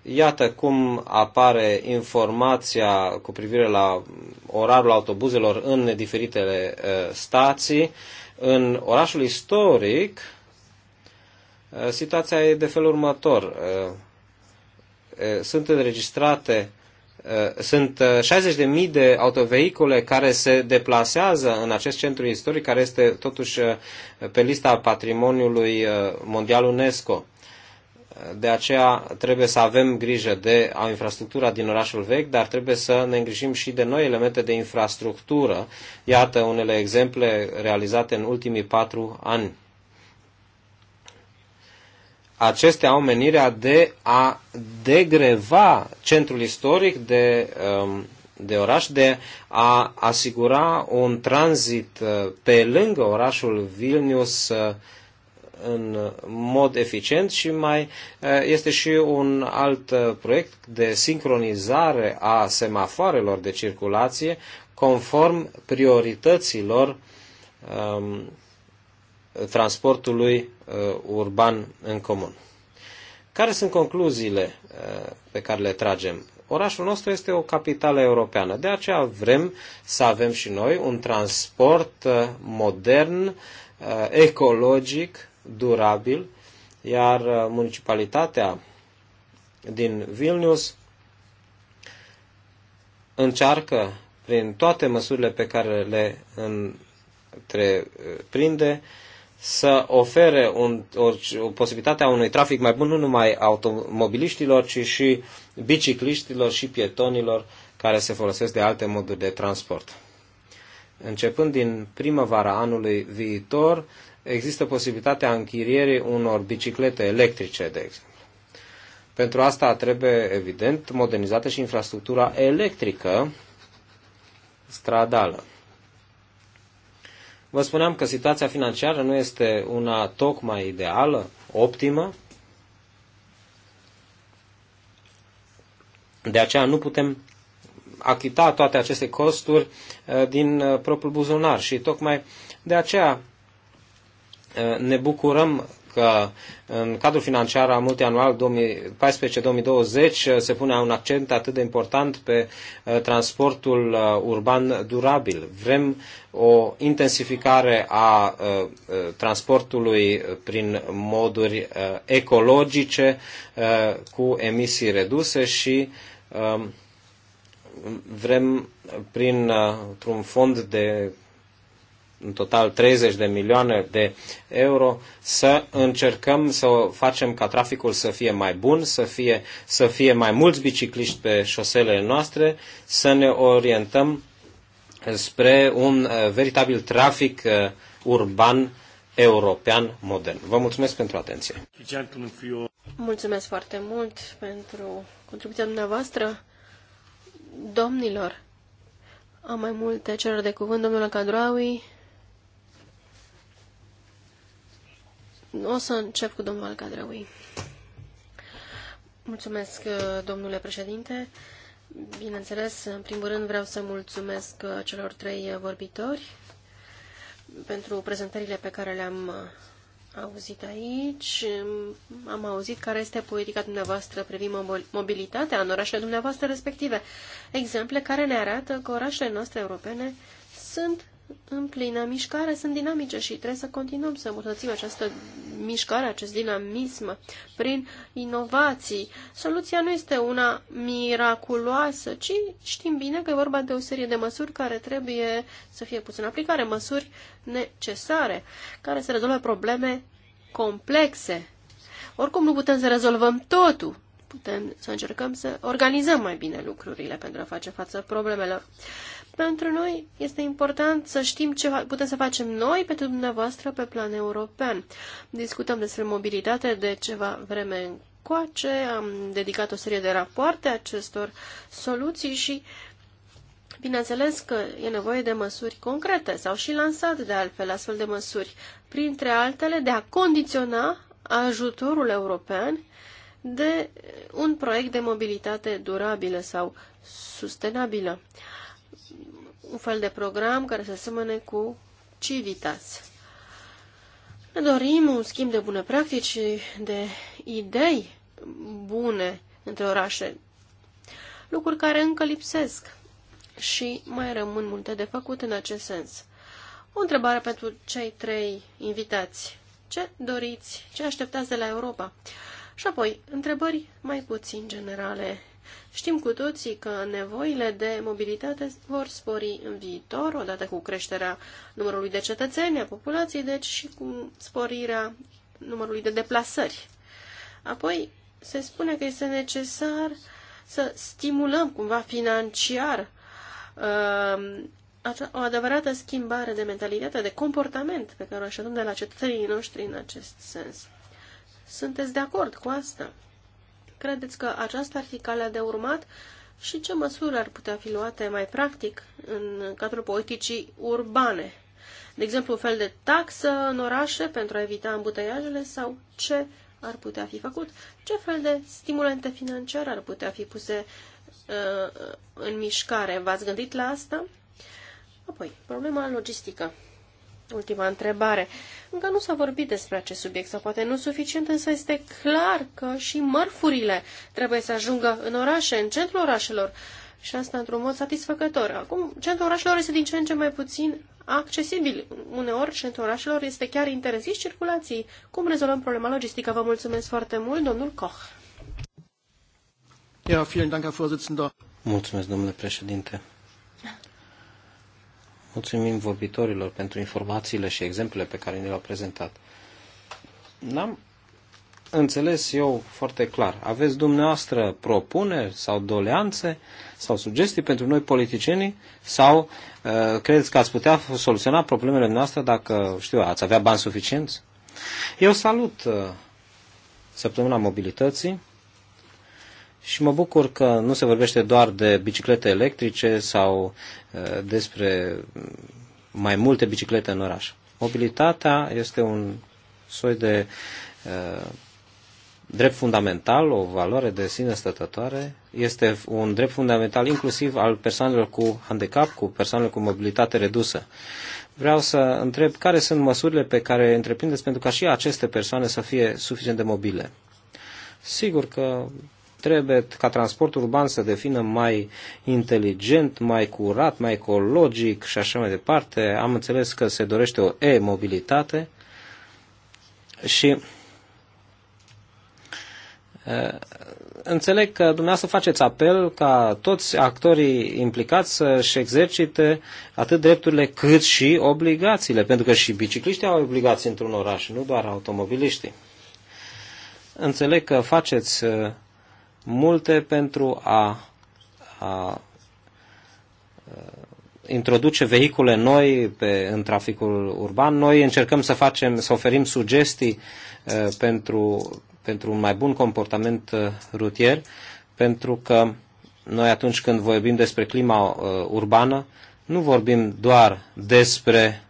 Iată cum apare informația cu privire la orarul autobuzelor în diferitele uh, stații. În orașul istoric, uh, situația e de felul următor. Uh, sunt înregistrate sunt 60.000 de autovehicule care se deplasează în acest centru istoric, care este totuși pe lista patrimoniului mondial UNESCO de aceea trebuie să avem grijă de a infrastructura din orașul vechi, dar trebuie să ne îngrijim și de noi elemente de infrastructură. Iată unele exemple realizate în ultimii patru ani. Acestea au menirea de a degreva centrul istoric de, um, de oraș, de a asigura un tranzit uh, pe lângă orașul Vilnius uh, în mod eficient și mai eh, este și un alt eh, proiect de sincronizare a semafoarelor de circulație conform priorităților um, transportului uh, urban în comun. Care sunt concluziile uh, pe care le tragem? Orașul nostru este o capitală europeană, de aceea vrem să avem și noi un transport modern, ecologic, durabil, iar uh, municipalitatea din Vilnius încearcă prin toate măsurile pe care le întreprinde să ofere un, o, o posibilitatea unui trafic mai bun nu numai automobiliștilor, ci și bicicliștilor și pietonilor care se folosesc de alte moduri de transport. Începând din primăvara anului viitor, există posibilitatea închirierii unor biciclete electrice, de exemplu. Pentru asta trebuie, evident, modernizată și infrastructura electrică stradală. Vă spuneam că situația financiară nu este una tocmai ideală, optimă. De aceea nu putem achita toate aceste costuri eh, din eh, propriul buzunar și tocmai de aceea Eh, ne bucurăm că în cadrul financiar multianual 2014-2020 eh, se pune un accent atât de important pe eh, transportul urban durabil. Vrem o intensificare a transportului prin moduri ecologice cu emisii reduse și vrem prin un fond de în total 30 de milioane de euro, să încercăm să facem ca traficul să fie mai bun, să fie, să fie mai mulți bicicliști pe șoselele noastre, să ne orientăm spre un uh, veritabil trafic uh, urban european modern. Vă mulțumesc pentru atenție. Mulțumesc foarte mult pentru contribuția dumneavoastră. Domnilor, am mai multe cereri de cuvânt, domnul Cadroaui. O să încep cu domnul Alcadrăui. Mulțumesc, uh, domnule președinte. Bineînțeles, în primul rând vreau să mulțumesc uh, celor trei vorbitori pentru prezentările pe care le-am uh, auzit aici. Um, am auzit care este politica dumneavoastră privind mobilitatea în orașele dumneavoastră respective. Exemple care ne arată că orașele noastre europene sunt în plină mișcare, sunt dinamice și trebuie să continuăm să îmbunătățim această mișcare, acest dinamism prin inovații. Soluția nu este una miraculoasă, ci știm bine că e vorba de o serie de măsuri care trebuie să fie puse în aplicare, măsuri necesare, care să rezolve probleme complexe. Oricum nu putem să rezolvăm totul, putem să încercăm să organizăm mai bine lucrurile pentru a face față problemelor. Pentru noi este important să știm ce putem să facem noi pentru dumneavoastră pe plan european. Discutăm despre mobilitate de ceva vreme încoace, am dedicat o serie de rapoarte acestor soluții și Bineînțeles că e nevoie de măsuri concrete, s-au și lansat de altfel astfel de măsuri, printre altele de a condiționa ajutorul european de un proiect de mobilitate durabilă sau sustenabilă un fel de program care să asemene cu Civitas. Ne dorim un schimb de bune practici, de idei bune între orașe, lucruri care încă lipsesc și mai rămân multe de făcut în acest sens. O întrebare pentru cei trei invitați. Ce doriți? Ce așteptați de la Europa? Și apoi, întrebări mai puțin generale Știm cu toții că nevoile de mobilitate vor spori în viitor, odată cu creșterea numărului de cetățeni, a populației, deci și cu sporirea numărului de deplasări. Apoi, se spune că este necesar să stimulăm cumva financiar uh, o adevărată schimbare de mentalitate, de comportament pe care o așteptăm de la cetățenii noștri în acest sens. Sunteți de acord cu asta? Credeți că aceasta ar fi calea de urmat și ce măsuri ar putea fi luate mai practic în cadrul politicii urbane? De exemplu, un fel de taxă în orașe pentru a evita îmbuteiajele sau ce ar putea fi făcut? Ce fel de stimulente financiare ar putea fi puse uh, în mișcare? V-ați gândit la asta? Apoi, problema logistică ultima întrebare. Încă nu s-a vorbit despre acest subiect, sau poate nu suficient, însă este clar că și mărfurile trebuie să ajungă în orașe, în centrul orașelor, și asta într-un mod satisfăcător. Acum, centrul orașelor este din ce în ce mai puțin accesibil. Uneori, centrul orașelor este chiar interzis circulației. Cum rezolvăm problema logistică? Vă mulțumesc foarte mult, domnul Koch. Ja, vielen Dank, Herr Vorsitzender. Mulțumesc, domnule președinte. Mulțumim vorbitorilor pentru informațiile și exemplele pe care ne le-au prezentat. N-am înțeles eu foarte clar. Aveți dumneavoastră propuneri sau doleanțe sau sugestii pentru noi politicienii sau uh, credeți că ați putea soluționa problemele noastre dacă, știu, ați avea bani suficienți? Eu salut uh, săptămâna mobilității și mă bucur că nu se vorbește doar de biciclete electrice sau uh, despre mai multe biciclete în oraș. Mobilitatea este un soi de uh, drept fundamental, o valoare de sine stătătoare, este un drept fundamental inclusiv al persoanelor cu handicap, cu persoanelor cu mobilitate redusă. Vreau să întreb care sunt măsurile pe care întreprindeți pentru ca și aceste persoane să fie suficient de mobile. Sigur că Trebuie ca transportul urban să devină mai inteligent, mai curat, mai ecologic și așa mai departe. Am înțeles că se dorește o e-mobilitate și Înțeleg că dumneavoastră faceți apel ca toți actorii implicați să-și exercite atât drepturile cât și obligațiile, pentru că și bicicliștii au obligații într-un oraș, nu doar automobiliștii. Înțeleg că faceți multe pentru a, a introduce vehicule noi pe, în traficul urban. Noi încercăm să facem, să oferim sugestii uh, pentru, pentru un mai bun comportament uh, rutier, pentru că noi atunci când vorbim despre clima uh, urbană, nu vorbim doar despre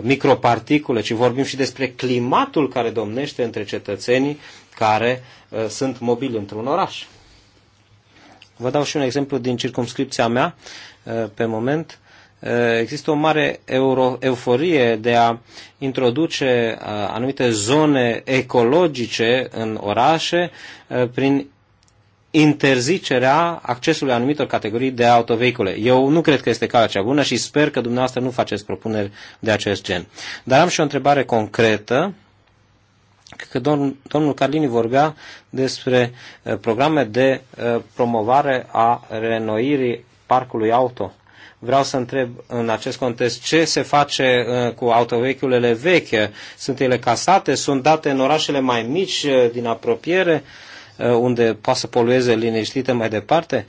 microparticule, ci vorbim și despre climatul care domnește între cetățenii care uh, sunt mobili într-un oraș. Vă dau și un exemplu din circumscripția mea uh, pe moment. Uh, există o mare euro, euforie de a introduce uh, anumite zone ecologice în orașe uh, prin interzicerea accesului anumitor categorii de autovehicule. Eu nu cred că este calea cea bună și sper că dumneavoastră nu faceți propuneri de acest gen. Dar am și o întrebare concretă că domn, domnul Carlini vorbea despre eh, programe de eh, promovare a renoirii parcului auto. Vreau să întreb în acest context ce se face eh, cu autovehiculele veche? Sunt ele casate? Sunt date în orașele mai mici din apropiere unde poate să polueze liniștite mai departe?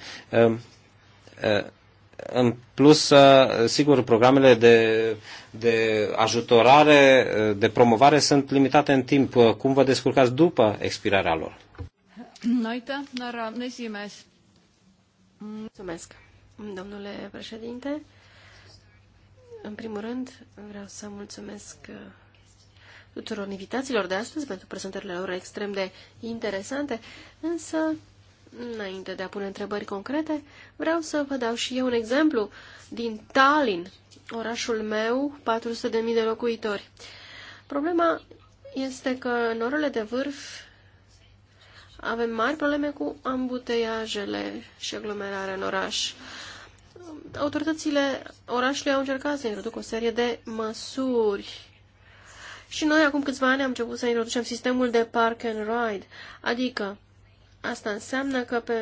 În plus, sigur, programele de, de ajutorare, de promovare sunt limitate în timp. Cum vă descurcați după expirarea lor? Mulțumesc, domnule președinte. În primul rând, vreau să mulțumesc uh, tuturor invitațiilor de astăzi pentru prezentările lor extrem de interesante, însă Înainte de a pune întrebări concrete, vreau să vă dau și eu un exemplu din Tallinn, orașul meu, 400.000 de locuitori. Problema este că în orele de vârf avem mari probleme cu ambuteiajele și aglomerarea în oraș. Autoritățile orașului au încercat să introducă o serie de măsuri. Și noi acum câțiva ani am început să introducem sistemul de park and ride, adică Asta înseamnă că pe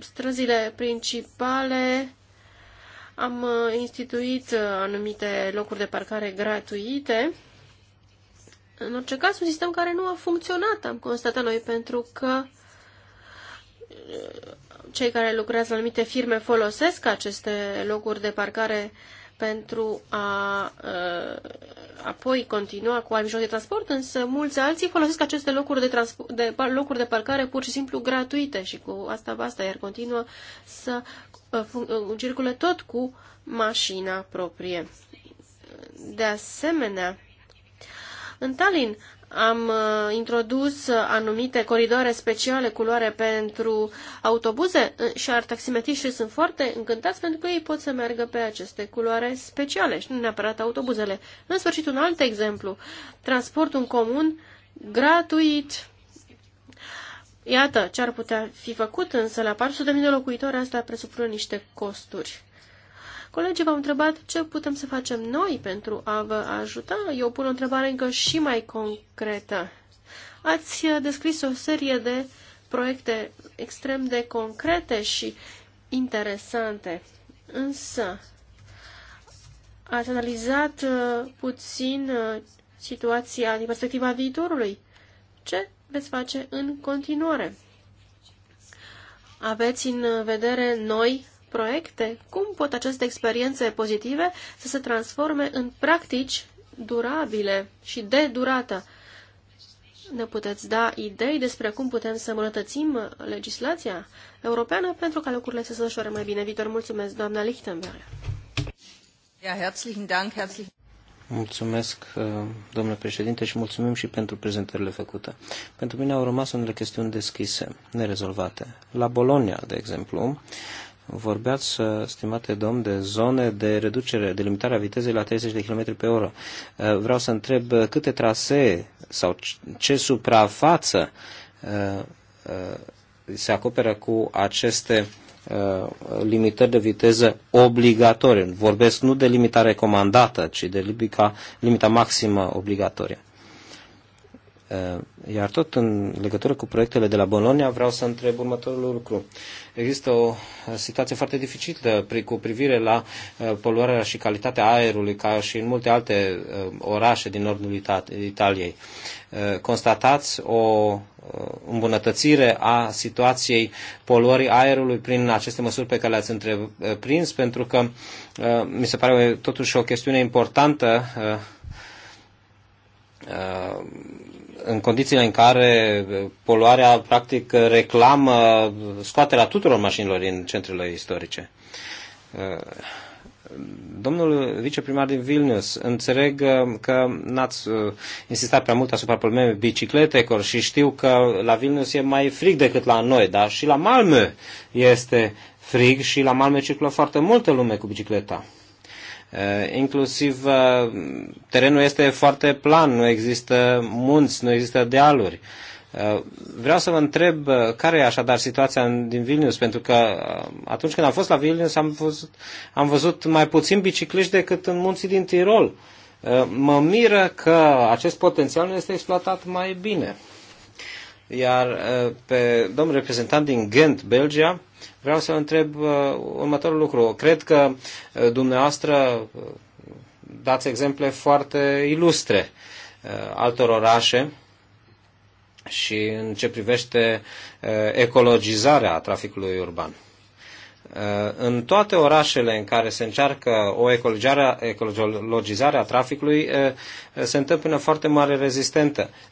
străzile principale am uh, instituit uh, anumite locuri de parcare gratuite. În orice caz, un sistem care nu a funcționat, am constatat noi, pentru că uh, cei care lucrează în anumite firme folosesc aceste locuri de parcare pentru a apoi continua cu alt mijloc de transport, însă mulți alții folosesc aceste locuri de, de locuri de parcare pur și simplu gratuite și cu asta basta, iar continuă să uh, uh circule tot cu mașina proprie. De asemenea, în Tallinn am uh, introdus uh, anumite coridoare speciale culoare pentru autobuze uh, și ar taximetriștii sunt foarte încântați pentru că ei pot să meargă pe aceste culoare speciale și nu neapărat autobuzele. În sfârșit, un alt exemplu, transportul în comun gratuit. Iată ce ar putea fi făcut, însă la 400.000 de locuitori asta presupune niște costuri. Colegii v-au întrebat ce putem să facem noi pentru a vă ajuta. Eu pun o întrebare încă și mai concretă. Ați uh, descris o serie de proiecte extrem de concrete și interesante, însă ați analizat uh, puțin uh, situația din perspectiva viitorului. Ce veți face în continuare? Aveți în vedere noi proiecte, cum pot aceste experiențe pozitive să se transforme în practici durabile și de durată? Ne puteți da idei despre cum putem să îmbunătățim legislația europeană pentru ca lucrurile să se desfășoare mai bine Vitor, Mulțumesc, doamna Lichtenberg. Mulțumesc, uh, domnule președinte, și mulțumim și pentru prezentările făcute. Pentru mine au rămas unele chestiuni deschise, nerezolvate. La Bologna, de exemplu, Vorbeați, uh, stimate domn, de zone de reducere, de limitare a vitezei la 30 de km pe oră. Uh, vreau să întreb uh, câte trasee sau ce suprafață se acoperă cu aceste limitări de viteză obligatorie. Vorbesc nu de limita recomandată, ci de limita maximă obligatorie. Eh, iar tot în legătură cu proiectele de la Bologna, vreau să întreb următorul lucru. Există o eh, situație foarte dificilă cu privire la eh, poluarea și calitatea aerului, ca și în multe alte orașe din nordul Italiei. Constatați o îmbunătățire a situației poluării aerului prin aceste măsuri pe care le-ați întreprins, pentru că mi se pare totuși o chestiune importantă în condițiile în care uh, poluarea practic uh, reclamă uh, scoaterea tuturor mașinilor din centrele istorice. Domnul viceprimar din Vilnius, înțeleg că n-ați insistat prea mult asupra problemei bicicletecor și știu că la Vilnius e mai frig decât la noi, dar și la Malmö este frig și la Malmö circulă foarte multă lume cu bicicleta. Eh, inclusiv eh, terenul este foarte plan, nu există munți, nu există dealuri. Eh, vreau să vă întreb care e așadar situația din Vilnius, pentru că atunci când am fost la Vilnius am văzut, am văzut mai puțin bicicliști decât în munții din Tirol. Mă miră că acest potențial nu este exploatat mai bine. Iar uh, pe domnul reprezentant din Ghent, Belgia, vreau să întreb uh, următorul lucru. Cred că uh, dumneavoastră dați exemple foarte ilustre altor orașe și în ce privește ecologizarea traficului urban. Uh, în toate orașele în care se încearcă o ecologizare a traficului, uh, se întâmplă foarte mare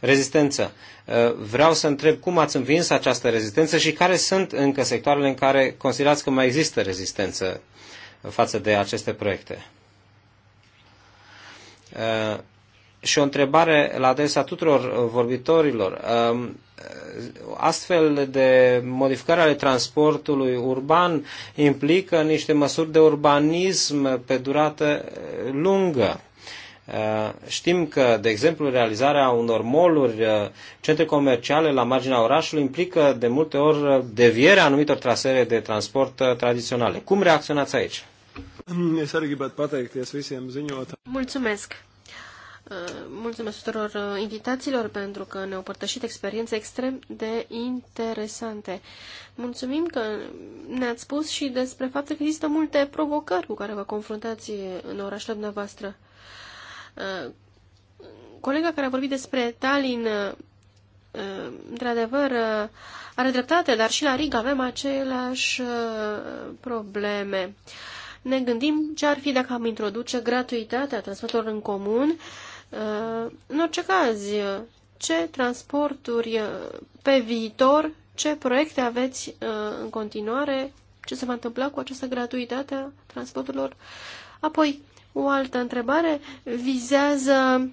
rezistență. Uh, vreau să întreb cum ați învins această rezistență și care sunt încă sectoarele în care considerați că mai există rezistență față de aceste proiecte și o întrebare la adresa tuturor uh, vorbitorilor. Um, astfel de modificare ale transportului urban implică niște măsuri de urbanism pe durată uh, lungă. Uh, știm că, de exemplu, realizarea unor moluri, centre comerciale la marginea orașului implică de multe ori devierea anumitor trasee de transport tradiționale. Cum reacționați aici? Mulțumesc! Eh, mulțumesc tuturor eh, invitațiilor pentru că ne-au părtășit experiențe extrem de interesante. Mulțumim că ne-ați spus și despre faptul că există multe provocări cu care vă confruntați în orașul dumneavoastră. Eh, colega care a vorbit despre Tallinn, într-adevăr, are dreptate, dar și la Riga avem aceleași probleme ne gândim ce ar fi dacă am introduce gratuitatea transporturilor în comun. În orice caz, ce transporturi pe viitor, ce proiecte aveți uh, în continuare, ce se va întâmpla cu această gratuitate a transporturilor. Apoi, o altă întrebare vizează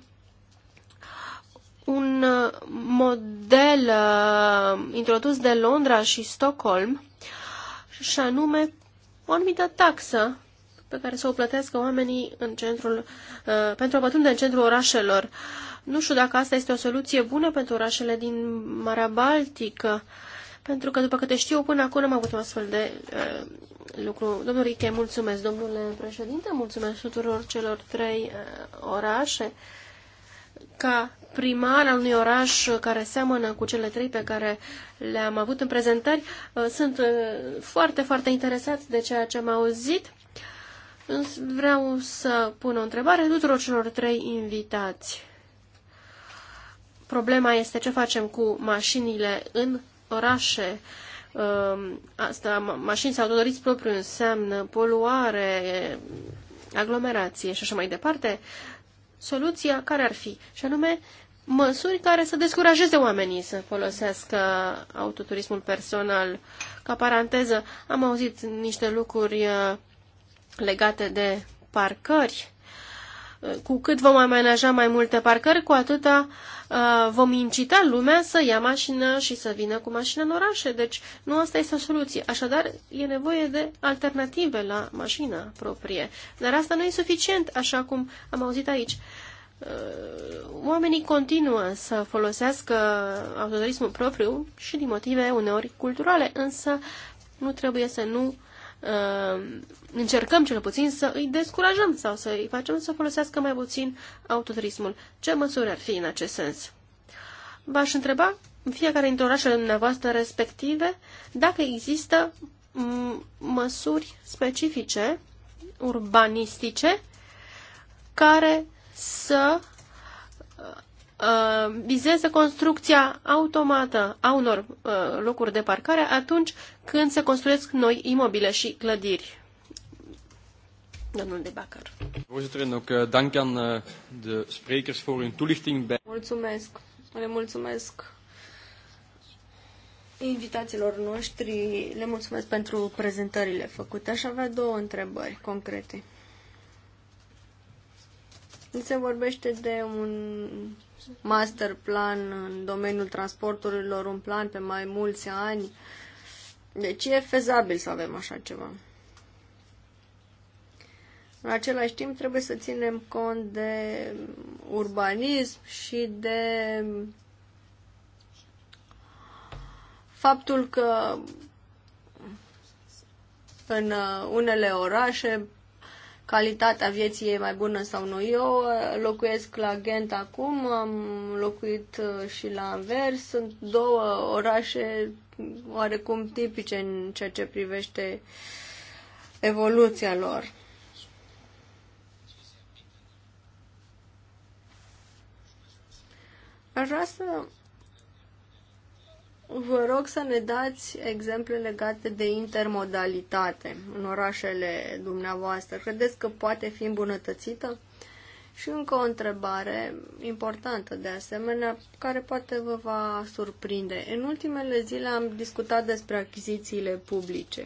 un uh, model uh, introdus de Londra și Stockholm, și anume o anumită taxă pe care să o plătească oamenii în centrul, uh, pentru a pătrunde în centrul orașelor. Nu știu dacă asta este o soluție bună pentru orașele din Marea Baltică, pentru că, după câte știu, până acum am avut un astfel de uh, lucru. Domnul Riche, mulțumesc, domnule președinte, mulțumesc tuturor celor trei uh, orașe ca primar al unui oraș care seamănă cu cele trei pe care le-am avut în prezentări. Uh, sunt uh, foarte, foarte interesat de ceea ce am auzit. Vreau să pun o întrebare tuturor celor trei invitați. Problema este ce facem cu mașinile în orașe. Um, asta, mașini sau autoriți propriu înseamnă poluare, aglomerație și așa mai departe soluția care ar fi, și anume măsuri care să descurajeze oamenii să folosească autoturismul personal. Ca paranteză, am auzit niște lucruri uh, legate de parcări. Uh, cu cât vom amenaja mai multe parcări, cu atâta uh, Uh, vom incita lumea să ia mașină și să vină cu mașină în orașe. Deci nu asta este o soluție. Așadar, e nevoie de alternative la mașina proprie. Dar asta nu e suficient, așa cum am auzit aici. Uh, oamenii continuă să folosească autoturismul propriu și din motive uneori culturale, însă nu trebuie să nu Uh, încercăm cel puțin să îi descurajăm sau să îi facem să folosească mai puțin autoturismul. Ce măsuri ar fi în acest sens? V-aș întreba în fiecare dintre orașele dumneavoastră respective dacă există mm, măsuri specifice urbanistice care să Uh, vizează construcția automată a unor uh, locuri de parcare atunci când se construiesc noi imobile și clădiri. Domnul de Bacar. Eh, eh, de Mulțumesc. Le mulțumesc invitațiilor noștri. Le mulțumesc pentru prezentările făcute. Aș avea două întrebări concrete. Se vorbește de un master plan în domeniul transporturilor, un plan pe mai mulți ani. Deci e fezabil să avem așa ceva. În același timp trebuie să ținem cont de urbanism și de faptul că în unele orașe calitatea vieții e mai bună sau nu. Eu uh, locuiesc la Ghent acum, am locuit uh, și la Anvers. Sunt două orașe oarecum tipice în ceea ce privește evoluția lor. Aș vrea să Vă rog să ne dați exemple legate de intermodalitate în orașele dumneavoastră. Credeți că poate fi îmbunătățită? Și încă o întrebare importantă de asemenea, care poate vă va surprinde. În ultimele zile am discutat despre achizițiile publice.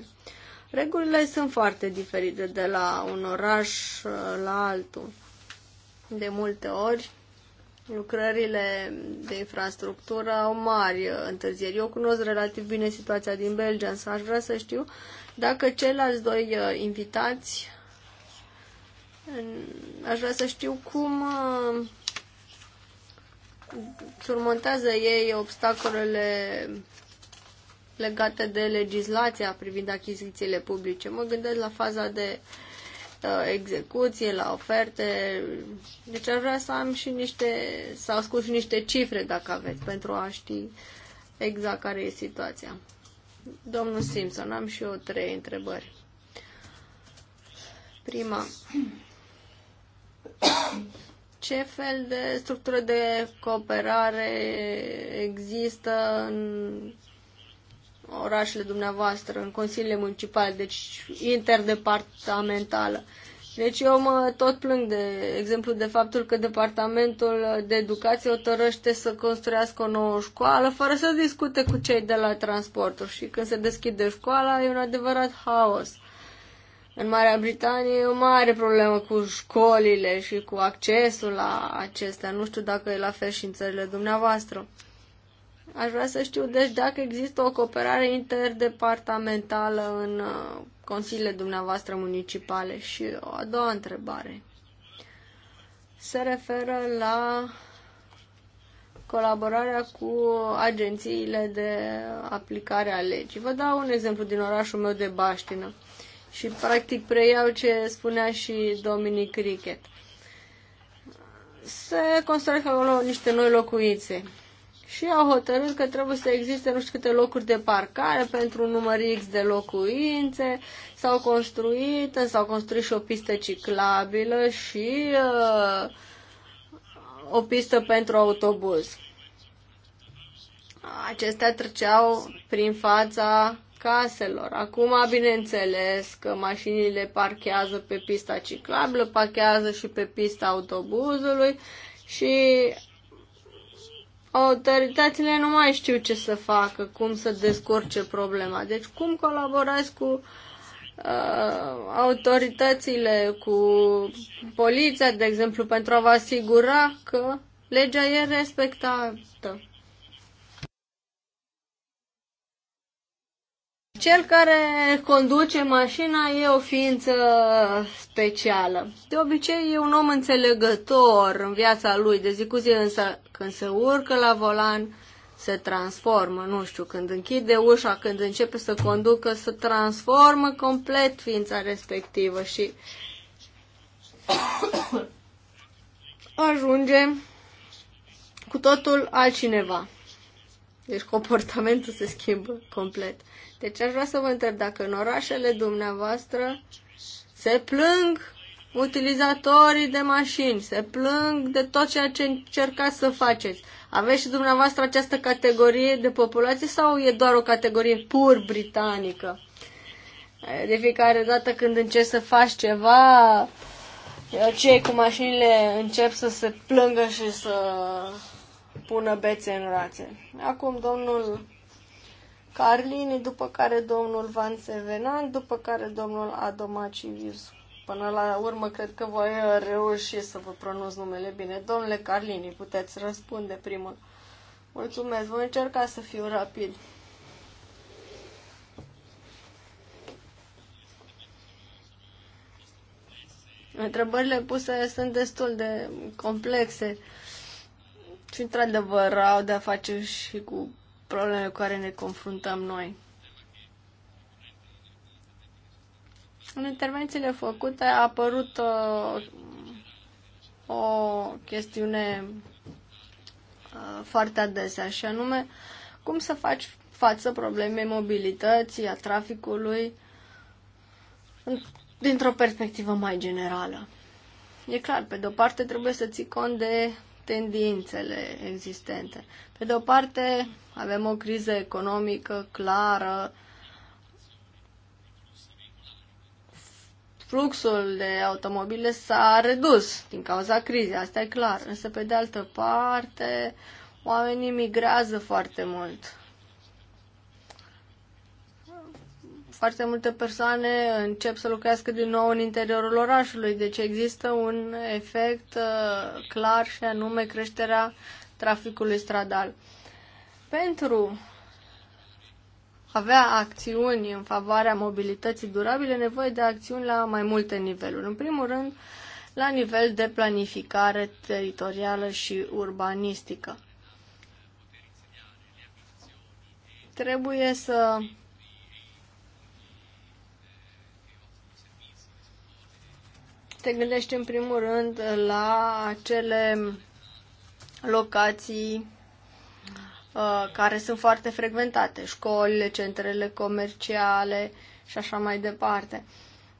Regulile sunt foarte diferite de la un oraș la altul. De multe ori, lucrările de infrastructură au mari întârzieri. Eu cunosc relativ bine situația din Belgia, însă aș vrea să știu dacă ceilalți doi uh, invitați, aș vrea să știu cum uh, surmontează ei obstacolele legate de legislația privind achizițiile publice. Mă gândesc la faza de uh, Uh, execuții, la oferte. Deci ar vrea să am și niște, să ascult și niște cifre dacă aveți, pentru a ști exact care e situația. Domnul Simpson, am și eu trei întrebări. Prima, ce fel de structură de cooperare există în orașele dumneavoastră, în consiliile municipale, deci interdepartamentală. Deci eu mă tot plâng de exemplu de faptul că Departamentul de Educație hotărăște să construiască o nouă școală fără să discute cu cei de la transporturi și când se deschide școala e un adevărat haos. În Marea Britanie e o mare problemă cu școlile și cu accesul la acestea. Nu știu dacă e la fel și în țările dumneavoastră. Aș vrea să știu, deci, dacă există o cooperare interdepartamentală în uh, consiliile dumneavoastră municipale. Și o a doua întrebare se referă la colaborarea cu agențiile de aplicare a legii. Vă dau un exemplu din orașul meu de Baștină și practic preiau ce spunea și Dominic Cricket. Se construiesc acolo niște noi locuințe și au hotărât că trebuie să existe nu știu câte locuri de parcare pentru un număr X de locuințe, s-au construit, s-au construit și o pistă ciclabilă și uh, o pistă pentru autobuz. Acestea treceau prin fața caselor. Acum, bineînțeles, că mașinile parchează pe pista ciclabilă, parchează și pe pista autobuzului și autoritățile nu mai știu ce să facă, cum să descurce problema. Deci cum colaborați cu uh, autoritățile, cu poliția, de exemplu, pentru a vă asigura că legea e respectată. Cel care conduce mașina e o ființă specială. De obicei e un om înțelegător în viața lui de zi cu zi, însă când se urcă la volan, se transformă, nu știu, când închide ușa, când începe să conducă, se transformă complet ființa respectivă și *coughs* ajunge cu totul altcineva. Deci comportamentul se schimbă complet. Deci aș vrea să vă întreb dacă în orașele dumneavoastră se plâng utilizatorii de mașini, se plâng de tot ceea ce încercați să faceți. Aveți și dumneavoastră această categorie de populație sau e doar o categorie pur britanică? De fiecare dată când încerci să faci ceva, cei cu mașinile încep să se plângă și să pună bețe în rațe. Acum domnul Carlini, după care domnul Van Sevenan, după care domnul Adomacivius. Până la urmă, cred că voi reuși să vă pronunț numele bine. Domnule Carlini, puteți răspunde primul. Mulțumesc, voi încerca să fiu rapid. Întrebările puse sunt destul de complexe. Uh, și într-adevăr au de-a face și cu problemele cu care ne confruntăm noi. În intervențiile făcute a apărut o, uh, o chestiune uh, foarte adesea, și anume cum să faci față problemei mobilității, a traficului, dintr-o perspectivă mai generală. E clar, pe de-o parte trebuie să ții cont de tendințele existente. Pe de o parte, avem o criză economică clară, fluxul de automobile s-a redus din cauza crizei, asta e clar. Însă, pe de altă parte, oamenii migrează foarte mult. Foarte multe persoane încep să lucrească din nou în interiorul orașului, deci există un efect uh, clar și anume creșterea traficului stradal. Pentru avea acțiuni în favoarea mobilității durabile, nevoie de acțiuni la mai multe niveluri. În primul rând, la nivel de planificare teritorială și urbanistică. Trebuie să te gândești în primul rând la acele locații uh, care sunt foarte frecventate, școlile, centrele comerciale și așa mai departe.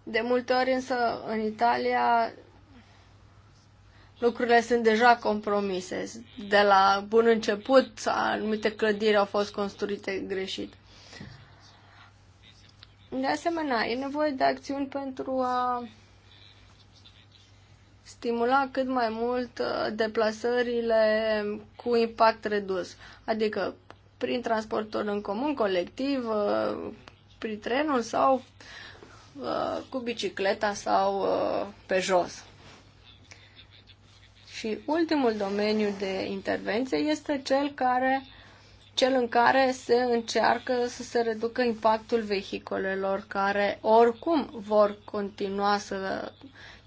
De multe ori însă în Italia lucrurile sunt deja compromise. De la bun început anumite clădiri au fost construite greșit. De asemenea, e nevoie de acțiuni pentru a stimula cât mai mult uh, deplasările cu impact redus, adică prin transportul în comun, colectiv, uh, prin trenul sau uh, cu bicicleta sau pe jos. Și ultimul domeniu de intervenție este cel care cel în care se încearcă să se reducă impactul vehiculelor care oricum vor continua să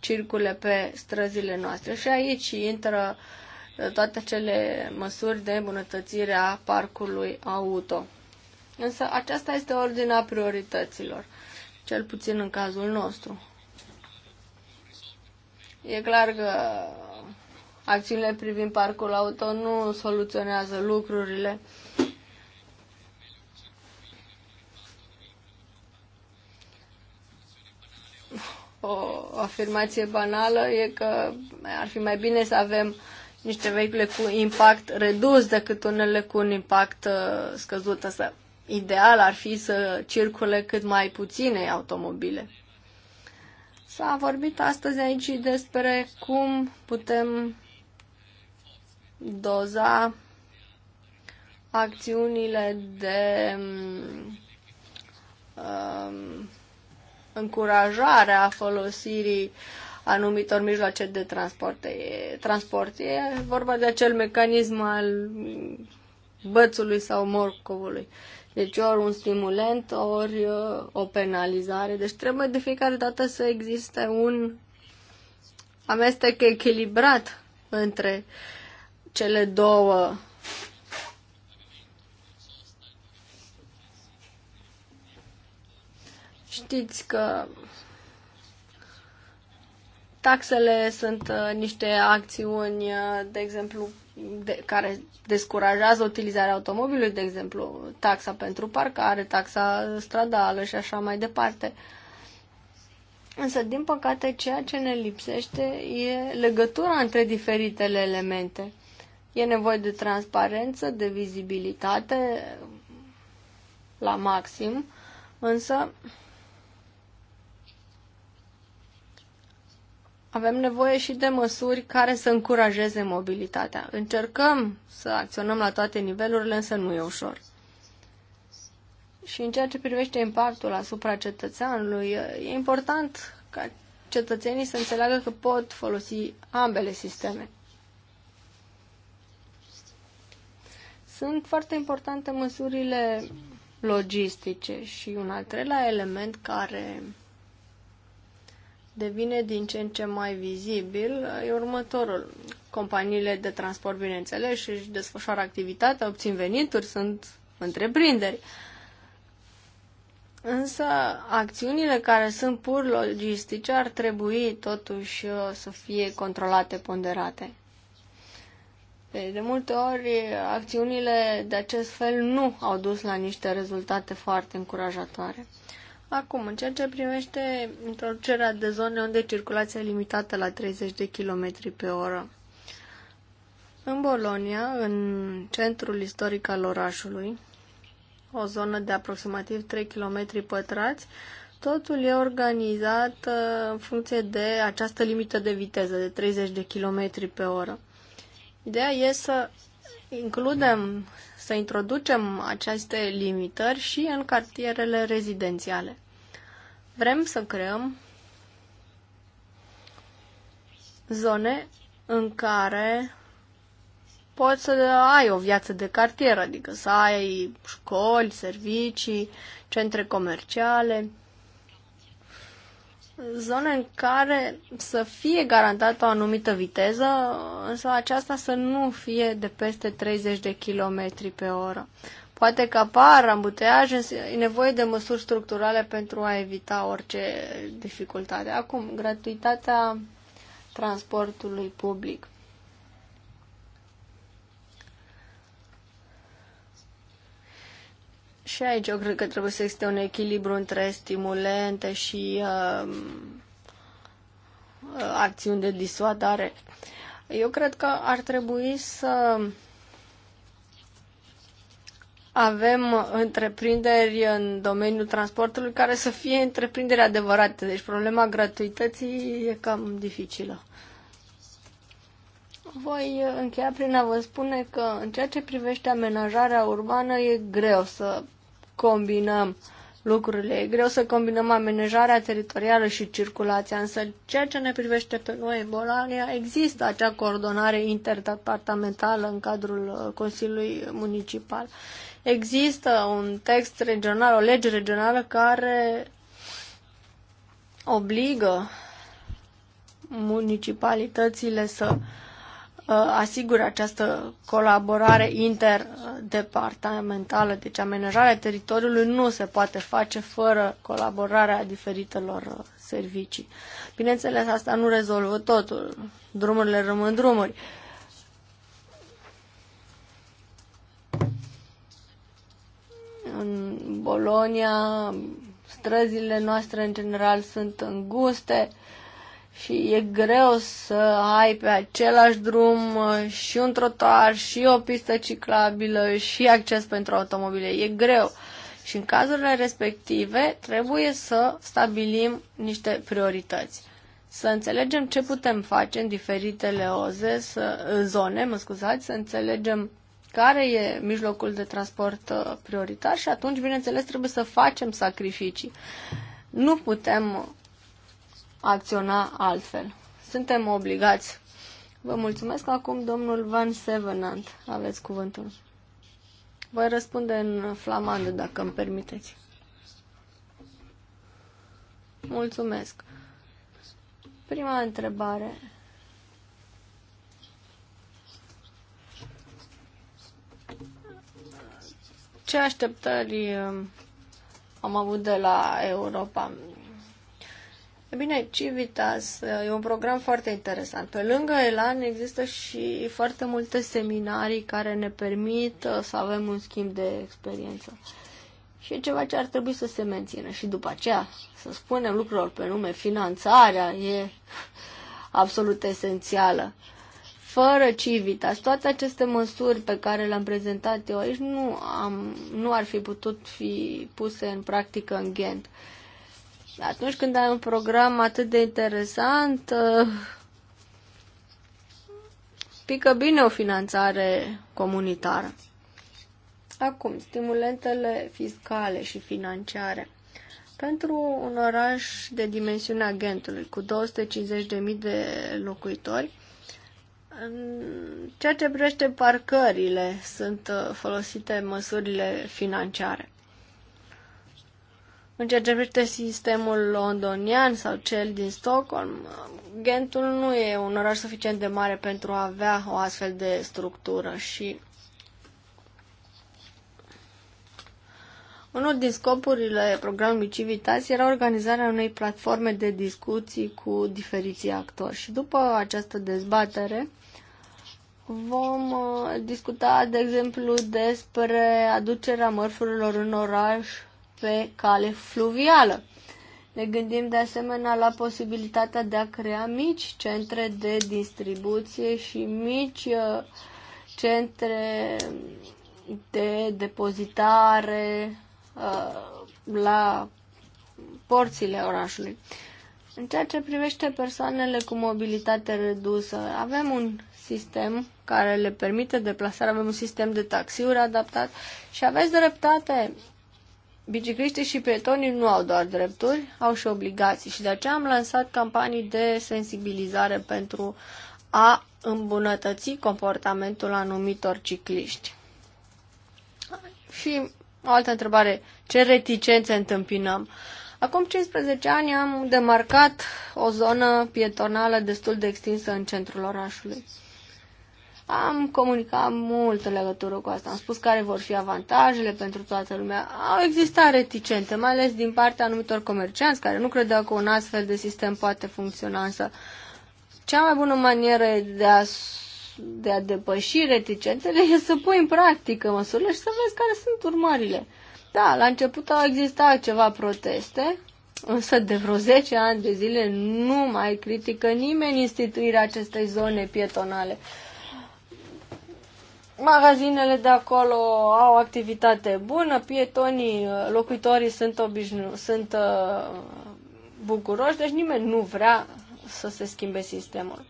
circule pe străzile noastre. Și aici intră uh, toate cele măsuri de îmbunătățire a parcului auto. Însă aceasta este ordinea priorităților, cel puțin în cazul nostru. E clar că acțiunile privind parcul auto nu soluționează lucrurile. o afirmație banală e că ar fi mai bine să avem niște vehicule cu impact redus decât unele cu un impact uh, scăzut. Asta ideal ar fi să circule cât mai puține automobile. S-a vorbit astăzi aici despre cum putem doza acțiunile de um, încurajarea folosirii anumitor mijloace de transport. E, transport. E vorba de acel mecanism al bățului sau morcovului. Deci ori un stimulant, ori uh, o penalizare. Deci trebuie de fiecare dată să existe un amestec echilibrat între cele două Știți că taxele sunt uh, niște acțiuni, uh, de exemplu, de, care descurajează utilizarea automobilului, de exemplu, taxa pentru parcare, taxa stradală și așa mai departe. Însă, din păcate, ceea ce ne lipsește e legătura între diferitele elemente. E nevoie de transparență, de vizibilitate la maxim, însă avem nevoie și de măsuri care să încurajeze mobilitatea. Încercăm să acționăm la toate nivelurile, însă nu e ușor. Și în ceea ce privește impactul asupra cetățeanului, e important ca cetățenii să înțeleagă că pot folosi ambele sisteme. Sunt foarte importante măsurile logistice și un al treilea element care devine din ce în ce mai vizibil e următorul. Companiile de transport, bineînțeles, își desfășoară activitatea, obțin venituri, sunt întreprinderi. Însă acțiunile care sunt pur logistice ar trebui totuși uh, să fie controlate, ponderate. De multe ori, acțiunile de acest fel nu au dus la niște rezultate foarte încurajatoare. Acum, în ceea ce privește introducerea de zone unde circulația e limitată la 30 de km pe oră. În Bolonia, în centrul istoric al orașului, o zonă de aproximativ 3 km pătrați, totul e organizat uh, în funcție de această limită de viteză de 30 de km pe oră. Ideea e să includem, să introducem aceste limitări și în cartierele rezidențiale. Vrem să creăm zone în care poți să ai o viață de cartier, adică să ai școli, servicii, centre comerciale zone în care să fie garantată o anumită viteză, însă aceasta să nu fie de peste 30 de km pe oră. Poate că apar ambuteiaje, e nevoie de măsuri structurale pentru a evita orice dificultate. Acum, gratuitatea transportului public. Și aici eu cred că trebuie să existe un echilibru între stimulente și um, uh, acțiuni de disuadare. Eu cred că ar trebui să avem întreprinderi în domeniul transportului care să fie întreprinderi adevărate. Deci problema gratuității e cam dificilă. Voi uh, încheia prin a vă spune că în ceea ce privește amenajarea urbană e greu să combinăm lucrurile. E greu să combinăm amenajarea teritorială și circulația, însă ceea ce ne privește pe noi, Bolania, există acea coordonare interdepartamentală în cadrul uh, Consiliului Municipal. Există un text regional, o lege regională care obligă municipalitățile să uh, Uh, Asigură această colaborare interdepartamentală, deci amenajarea teritoriului nu se poate face fără colaborarea diferitelor uh, servicii. Bineînțeles, asta nu rezolvă totul. Drumurile rămân drumuri. În Bolonia, străzile noastre în general sunt înguste. Uh, și e greu să ai pe același drum uh, și un trotuar și o pistă ciclabilă și acces pentru automobile. E greu. Și în cazurile respective trebuie să stabilim niște priorități. Să înțelegem ce putem face în diferitele oze, să, zone, mă scuzați, să înțelegem care e mijlocul de transport uh, prioritar și atunci, bineînțeles, trebuie să facem sacrificii. Nu putem acționa altfel. Suntem obligați. Vă mulțumesc acum, domnul Van Sevenant. Aveți cuvântul. Voi răspunde în flamandă, dacă îmi permiteți. Mulțumesc. Prima întrebare. Ce așteptări um, am avut de la Europa? E bine, Civitas e un program foarte interesant. Pe lângă Elan există și foarte multe seminarii care ne permit uh, să avem un schimb de experiență. Și e ceva ce ar trebui să se mențină. Și după aceea, să spunem lucrurilor pe nume, finanțarea e *laughs* absolut esențială. Fără Civitas, toate aceste măsuri pe care le-am prezentat eu aici nu, am, nu ar fi putut fi puse în practică în Ghent atunci când ai un program atât de interesant, uh, pică bine o finanțare comunitară. Acum, stimulentele fiscale și financiare. Pentru un oraș de dimensiunea Gentului, cu 250.000 de locuitori, ceea ce privește parcările, sunt uh, folosite măsurile financiare. În ceea ce privește sistemul londonian sau cel din Stockholm, Gentul nu e un oraș suficient de mare pentru a avea o astfel de structură și Unul din scopurile programului Civitas era organizarea unei platforme de discuții cu diferiții actori și după această dezbatere vom uh, discuta, de exemplu, despre aducerea mărfurilor în oraș pe cale fluvială. Ne gândim de asemenea la posibilitatea de a crea mici centre de distribuție și mici uh, centre de depozitare uh, la porțile orașului. În ceea ce privește persoanele cu mobilitate redusă, avem un sistem care le permite deplasarea, avem un sistem de taxiuri adaptat și aveți dreptate Bicicliștii și pietonii nu au doar drepturi, au și obligații și de aceea am lansat campanii de sensibilizare pentru a îmbunătăți comportamentul anumitor cicliști. Și o altă întrebare, ce reticențe întâmpinăm? Acum 15 ani am demarcat o zonă pietonală destul de extinsă în centrul orașului. Am comunicat mult în legătură cu asta. Am spus care vor fi avantajele pentru toată lumea. Au existat reticente, mai ales din partea anumitor comercianți care nu credeau că un astfel de sistem poate funcționa. Însă cea mai bună manieră de a, de a depăși reticentele e să pui în practică măsurile și să vezi care sunt urmările. Da, la început au existat ceva proteste, însă de vreo 10 ani de zile nu mai critică nimeni instituirea acestei zone pietonale magazinele de acolo au activitate bună, pietonii, uh, locuitorii sunt, obișnu- sunt uh, bucuroși, deci nimeni nu vrea să se schimbe sistemul.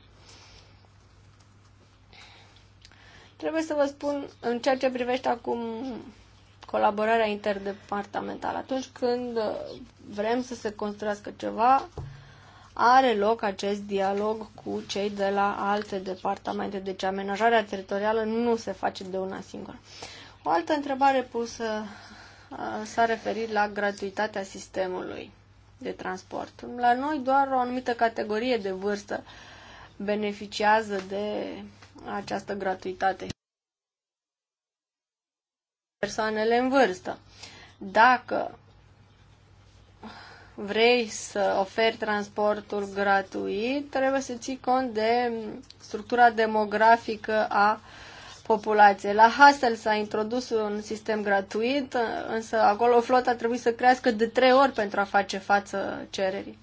Trebuie să vă spun, în ceea ce privește acum colaborarea interdepartamentală, atunci când uh, vrem să se construiască ceva, are loc acest dialog cu cei de la alte departamente. Deci amenajarea teritorială nu se face de una singură. O altă întrebare pusă s-a referit la gratuitatea sistemului de transport. La noi doar o anumită categorie de vârstă beneficiază de această gratuitate. Persoanele în vârstă. Dacă vrei să oferi transportul gratuit, trebuie să ții cont de structura demografică a populației. La Hassel s-a introdus un sistem gratuit, însă acolo flota trebuie să crească de trei ori pentru a face față cererii.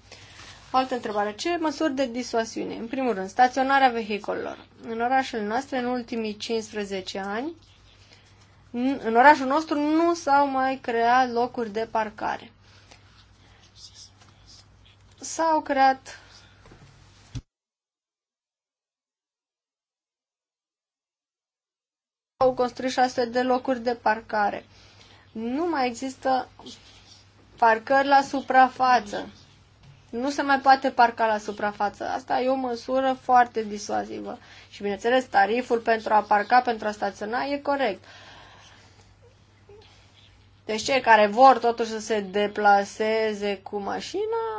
O altă întrebare. Ce măsuri de disuasiune? În primul rând, staționarea vehicolelor. În orașul noastre, în ultimii 15 ani, în orașul nostru nu s-au mai creat locuri de parcare s-au creat au construit șase de locuri de parcare. Nu mai există parcări la suprafață. Nu se mai poate parca la suprafață. Asta e o măsură foarte disuazivă. Și bineînțeles, tariful pentru a parca, pentru a staționa e corect. Deci cei care vor totuși să se deplaseze cu mașina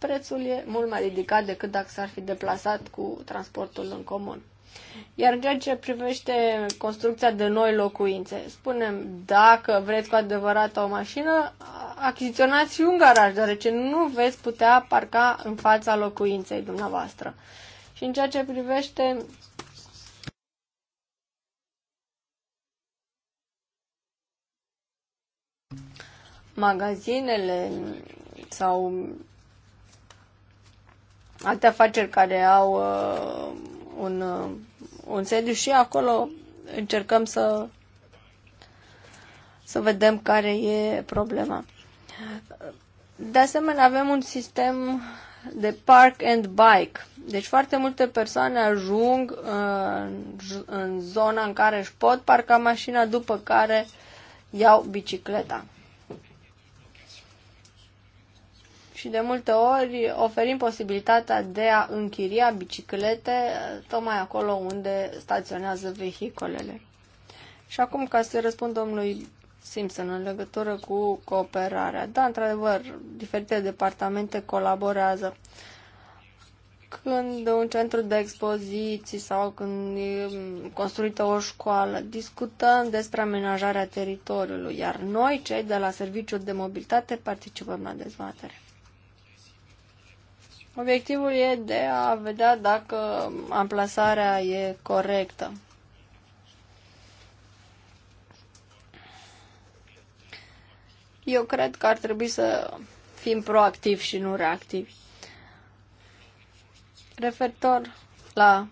prețul e mult mai ridicat decât dacă s-ar fi deplasat cu transportul în comun. Iar în ceea ce privește construcția de noi locuințe, spunem, dacă vreți cu adevărat o mașină, achiziționați și un garaj, deoarece nu veți putea parca în fața locuinței dumneavoastră. Și în ceea ce privește magazinele sau alte afaceri care au uh, un, uh, un sediu și acolo încercăm să, să vedem care e problema. De asemenea, avem un sistem de park and bike. Deci foarte multe persoane ajung uh, în, în zona în care își pot parca mașina, după care iau bicicleta. și de multe ori oferim posibilitatea de a închiria biciclete eh, tocmai acolo unde staționează vehicolele. Și acum, ca să răspund domnului Simpson în legătură cu cooperarea. Da, într-adevăr, diferite departamente colaborează. Când un centru de expoziții sau când e construită o școală, discutăm despre amenajarea teritoriului, iar noi, cei de la Serviciul de Mobilitate, participăm la dezbatere. Obiectivul e de a vedea dacă amplasarea e corectă. Eu cred că ar trebui să fim proactivi și nu reactivi. Referitor la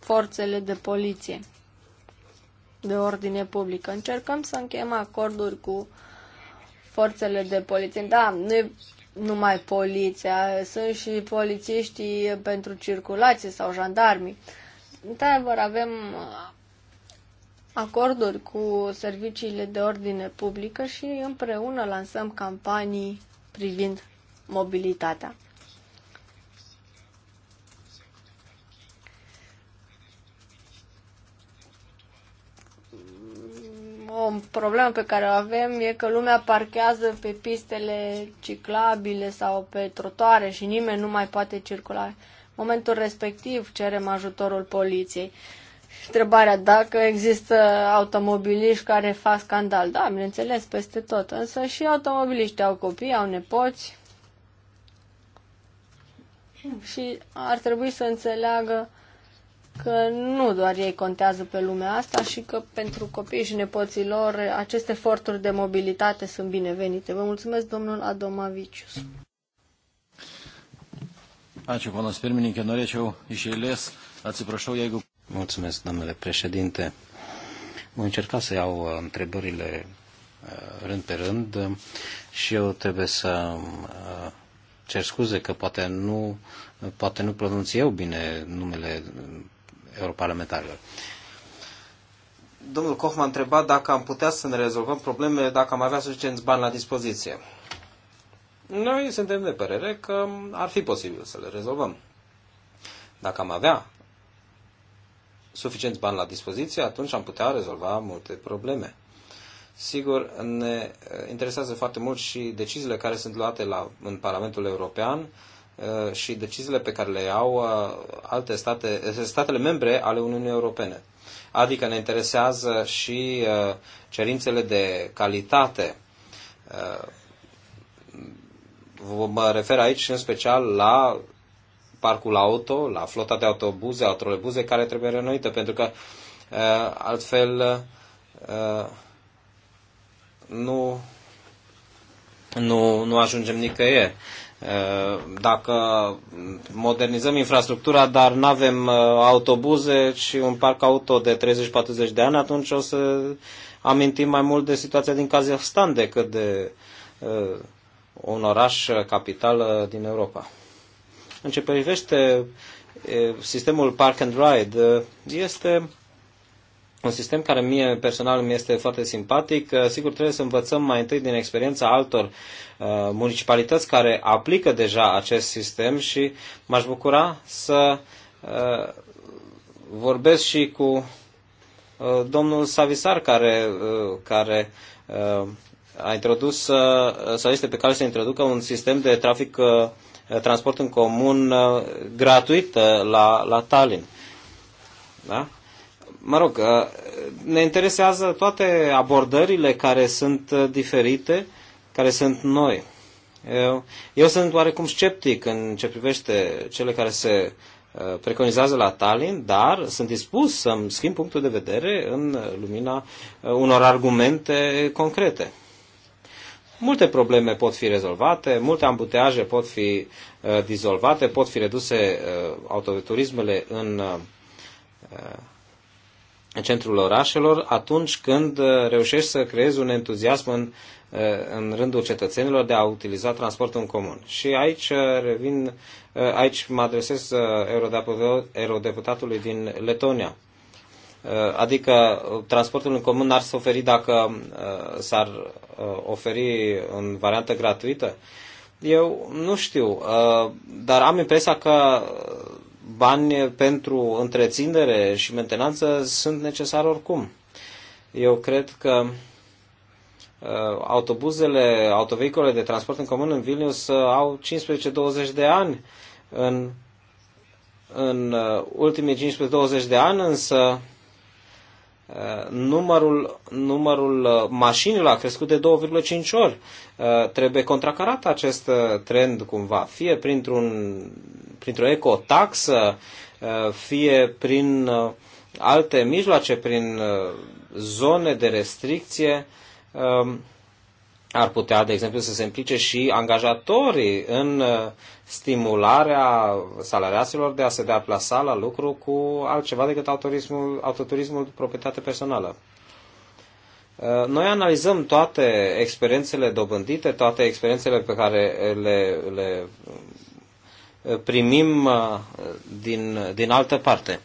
forțele de poliție, de ordine publică, încercăm să încheiem acorduri cu forțele de poliție. Da, nu e numai poliția, sunt și polițiștii pentru circulație sau jandarmii. Într-adevăr, avem acorduri cu serviciile de ordine publică și împreună lansăm campanii privind mobilitatea. O problemă pe care o avem e că lumea parchează pe pistele ciclabile sau pe trotoare și nimeni nu mai poate circula. În momentul respectiv cerem ajutorul poliției. Și întrebarea dacă există automobiliști care fac scandal. Da, bineînțeles, peste tot. Însă și automobiliștii au copii, au nepoți. Și ar trebui să înțeleagă că nu doar ei contează pe lumea asta și că pentru copiii și nepoții lor aceste eforturi de mobilitate sunt binevenite. Vă mulțumesc, domnul Adomavicius. Mulțumesc, domnule președinte. Voi încerca să iau uh, întrebările uh, rând pe rând și eu trebuie să uh, cer scuze că poate nu, poate nu pronunț eu bine numele europarlamentarilor. Domnul Koch m-a întrebat dacă am putea să ne rezolvăm problemele dacă am avea suficienți bani la dispoziție. Noi suntem de părere că ar fi posibil să le rezolvăm. Dacă am avea suficienți bani la dispoziție, atunci am putea rezolva multe probleme. Sigur, ne interesează foarte mult și deciziile care sunt luate la, în Parlamentul European Uh, și deciziile pe care le iau uh, alte state, uh, statele membre ale Uniunii Europene. Adică ne interesează și cerințele de calitate. Mă refer aici în special la parcul auto, la flota de autobuze, autolebuze care trebuie renoită, pentru că altfel nu, nu, nu ajungem nicăieri. Eh, dacă modernizăm infrastructura, dar nu avem eh, autobuze și un parc auto de 30-40 de ani, atunci o să amintim mai mult de situația din Kazahstan decât de uh, un oraș capital din Europa. În ce privește sistemul park and ride, este un sistem care mie personal mi este foarte simpatic. Uh, sigur, trebuie să învățăm mai întâi din experiența altor uh, municipalități care aplică deja acest sistem și m-aș bucura să uh, vorbesc și cu domnul Savisar care, care a introdus sau este pe care să introducă un sistem de trafic transport în comun gratuit la, la Tallinn. Da? mă rog, ă, ne interesează toate abordările care sunt ă, diferite, care sunt noi. Eu, eu sunt oarecum sceptic în ce privește cele care se ă, preconizează la Tallinn, dar sunt dispus să-mi schimb punctul de vedere în lumina unor argumente concrete. Multe probleme pot fi rezolvate, multe ambuteaje pot fi uh, dizolvate, pot fi reduse uh, autoturismele în uh, în centrul orașelor atunci când uh, reușești să creezi un entuziasm în, uh, în rândul cetățenilor de a utiliza transportul în comun. Și aici uh, revin, aici mă adresez eurodeputatului din Letonia. Adică transportul în comun ar să oferi dacă s-ar oferi în variantă gratuită? Eu nu știu, dar am impresia că bani pentru întreținere și mentenanță sunt necesari oricum. Eu cred că uh, autobuzele, autovehicule de transport în comun în Vilnius au 15-20 de ani. În, în uh, ultimii 15-20 de ani însă numărul, numărul uh, mașinilor a crescut de 2,5 ori. Uh, trebuie contracarat acest uh, trend cumva, fie printr-un, printr-o ecotaxă, fie prin alte mijloace, prin zone de restricție. Um, ar putea, de exemplu, să se implice și angajatorii în stimularea salariaților de a se deplasa la lucru cu altceva decât autoturismul, autoturismul proprietate personală. Uh, noi analizăm toate experiențele dobândite, toate experiențele pe care le, le uh, primim uh, din, din altă parte.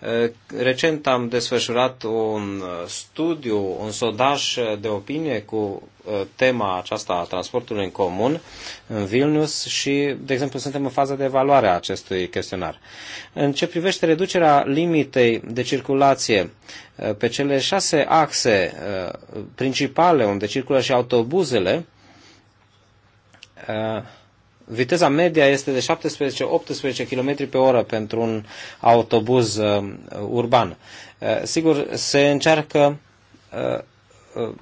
Eh, recent am desfășurat un eh, studiu, un sondaj eh, de opinie cu tema aceasta a transportului în comun în Vilnius și, de exemplu, suntem în fază de evaluare a acestui chestionar. În ce privește reducerea limitei de circulație pe cele șase axe principale unde circulă și autobuzele, viteza media este de 17-18 km pe oră pentru un autobuz uh, urban. Uh, sigur, se încearcă uh,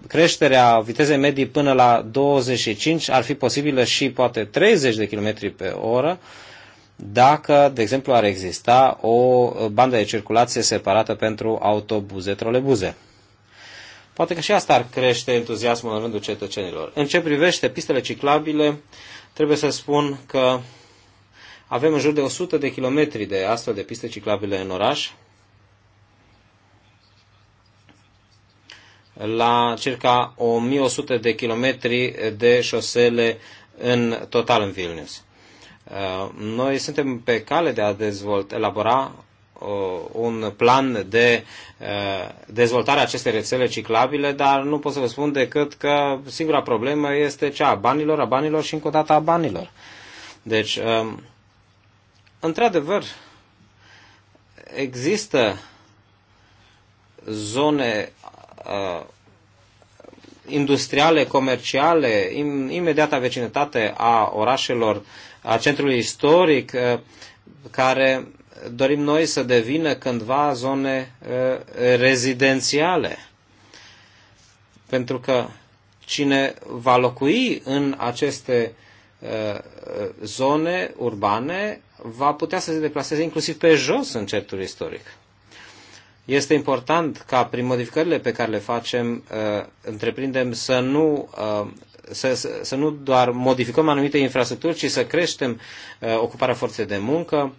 creșterea vitezei medii până la 25 ar fi posibilă și poate 30 de km pe oră dacă, de exemplu, ar exista o bandă de circulație separată pentru autobuze, trolebuze. Poate că și asta ar crește entuziasmul în rândul cetățenilor. În ce privește pistele ciclabile, Trebuie să spun că avem în jur de 100 de kilometri de astfel de piste ciclabile în oraș. la circa 1100 de kilometri de șosele în total în Vilnius. Uh, noi suntem pe cale de a dezvolta, elabora Uh, un plan de uh, dezvoltare a acestei rețele ciclabile, dar nu pot să vă spun decât că singura problemă este cea a banilor, a banilor și încă o dată a banilor. Deci, um, într-adevăr, există zone uh, industriale, comerciale, în imediata vecinătate a orașelor, a centrului istoric, care dorim noi să devină cândva zone rezidențiale. Pentru că cine va locui în aceste zone urbane va putea să se deplaseze inclusiv pe jos în certul istoric. Este important ca prin modificările pe care le facem, întreprindem să nu să, să, să nu doar modificăm anumite infrastructuri, ci să creștem uh, ocuparea forței de muncă,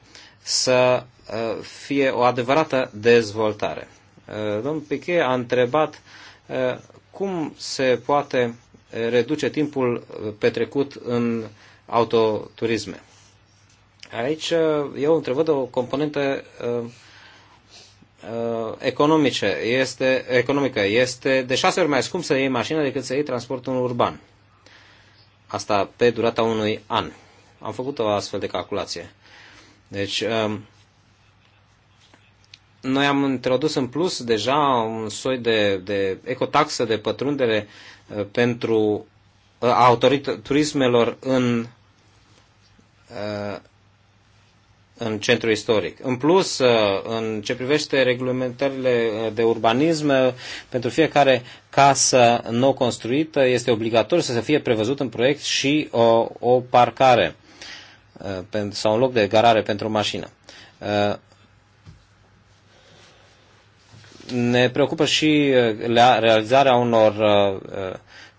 să uh, fie o adevărată dezvoltare. Uh, domnul Piquet a întrebat uh, cum se poate reduce timpul petrecut în autoturisme. Aici eu întrevăd o componentă economice, este, economică. Este de șase ori mai scump să iei mașina decât să iei transportul urban. Asta pe durata unui an. Am făcut o astfel de calculație. Deci, um, noi am introdus în plus deja un soi de, de ecotaxă de pătrundere uh, pentru uh, autoriturismelor în, uh, în centru istoric. În plus, în ce privește reglementările de urbanism, pentru fiecare casă nou construită este obligatoriu să fie prevăzut în proiect și o, o parcare. Uh, sau un loc de garare pentru mașină. Uh, ne preocupă și uh, realizarea unor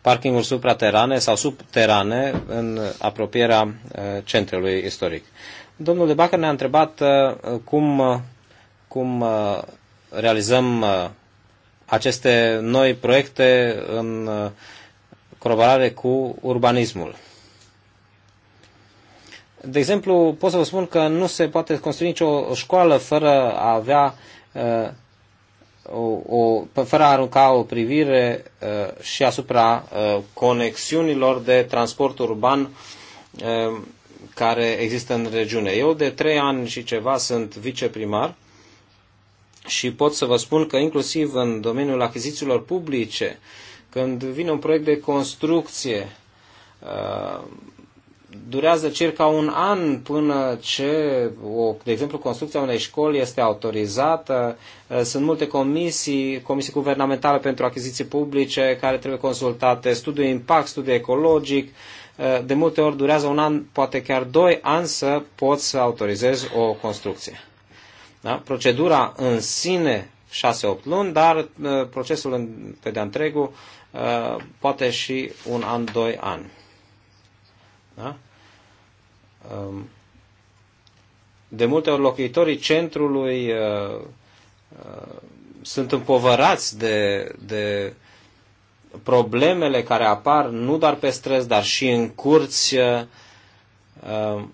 parkinguri supraterane sau subterane în apropierea centrului istoric. Domnul de Bacă ne-a întrebat cum, cum realizăm aceste noi proiecte în coroborare cu urbanismul. De exemplu, pot să vă spun că nu se poate construi nicio școală fără a avea uh, o, o, fără a arunca o privire uh, și asupra uh, conexiunilor de transport urban uh, care există în regiune. Eu de trei ani și ceva sunt viceprimar și pot să vă spun că inclusiv în domeniul achizițiilor publice, când vine un proiect de construcție, uh, durează circa un an până ce, o, de exemplu, construcția unei școli este autorizată. Uh, sunt multe comisii, comisii guvernamentale pentru achiziții publice care trebuie consultate, studiu impact, studiu ecologic. Uh, de multe ori durează un an, poate chiar doi ani să poți să autorizezi o construcție. Da? Procedura în sine 6-8 luni, dar uh, procesul în, pe de-a întregul poate și un an, doi ani. Da? Um, de multe ori locuitorii centrului uh, uh, sunt împovărați de, de problemele care apar nu doar pe străzi, dar și în curți uh, um,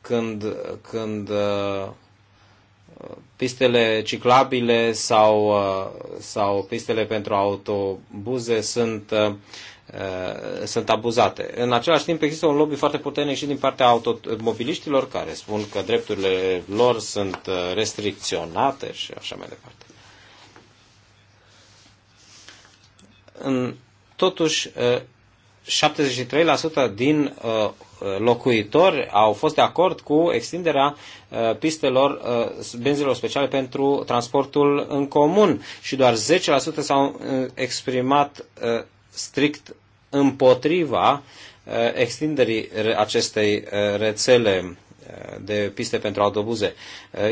când, când pistele ciclabile sau, sau pistele pentru autobuze sunt Uh, sunt abuzate. În același timp există un lobby foarte puternic și din partea automobiliștilor care spun că drepturile lor sunt uh, restricționate și așa mai departe. În, totuși, 73% uh, din locuitori au fost de acord cu extinderea pistelor benzilor speciale pentru transportul în comun și doar 10% s-au exprimat strict împotriva uh, extinderii acestei uh, rețele uh, de piste pentru autobuze.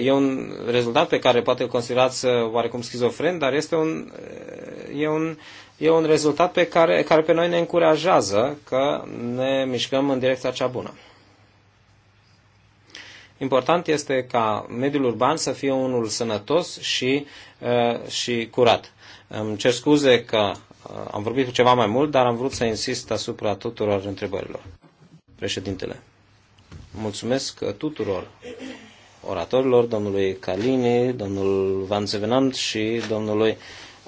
E un rezultat pe care poate îl considerați oarecum schizofren, dar este un, e un, e un rezultat pe care, care pe noi ne încurajează că ne mișcăm în direcția cea bună. Important este ca mediul urban să fie unul sănătos și, și curat. Îmi cer scuze că am vorbit ceva mai mult, dar am vrut să insist asupra tuturor întrebărilor. Președintele, mulțumesc tuturor oratorilor, domnului Calini, domnul Van Zevenant și domnului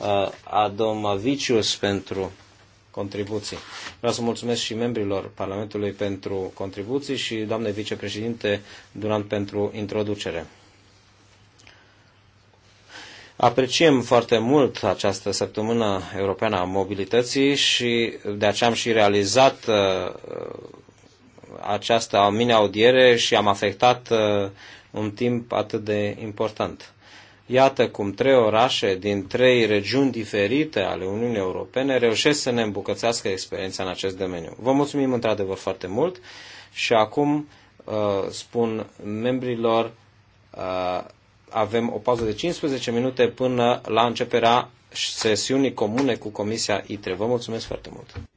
uh, Adomavicius pentru contribuții. Vreau să mulțumesc și membrilor Parlamentului pentru contribuții și doamne vicepreședinte Duran pentru introducere. Apreciem foarte mult această săptămână europeană a mobilității și de aceea am și realizat uh, această mini-audiere și am afectat uh, un timp atât de important. Iată cum trei orașe din trei regiuni diferite ale Uniunii Europene reușesc să ne îmbucățească experiența în acest domeniu. Vă mulțumim într-adevăr foarte mult și acum uh, spun membrilor uh, avem o pauză de 15 minute până la începerea sesiunii comune cu Comisia ITRE. Vă mulțumesc foarte mult!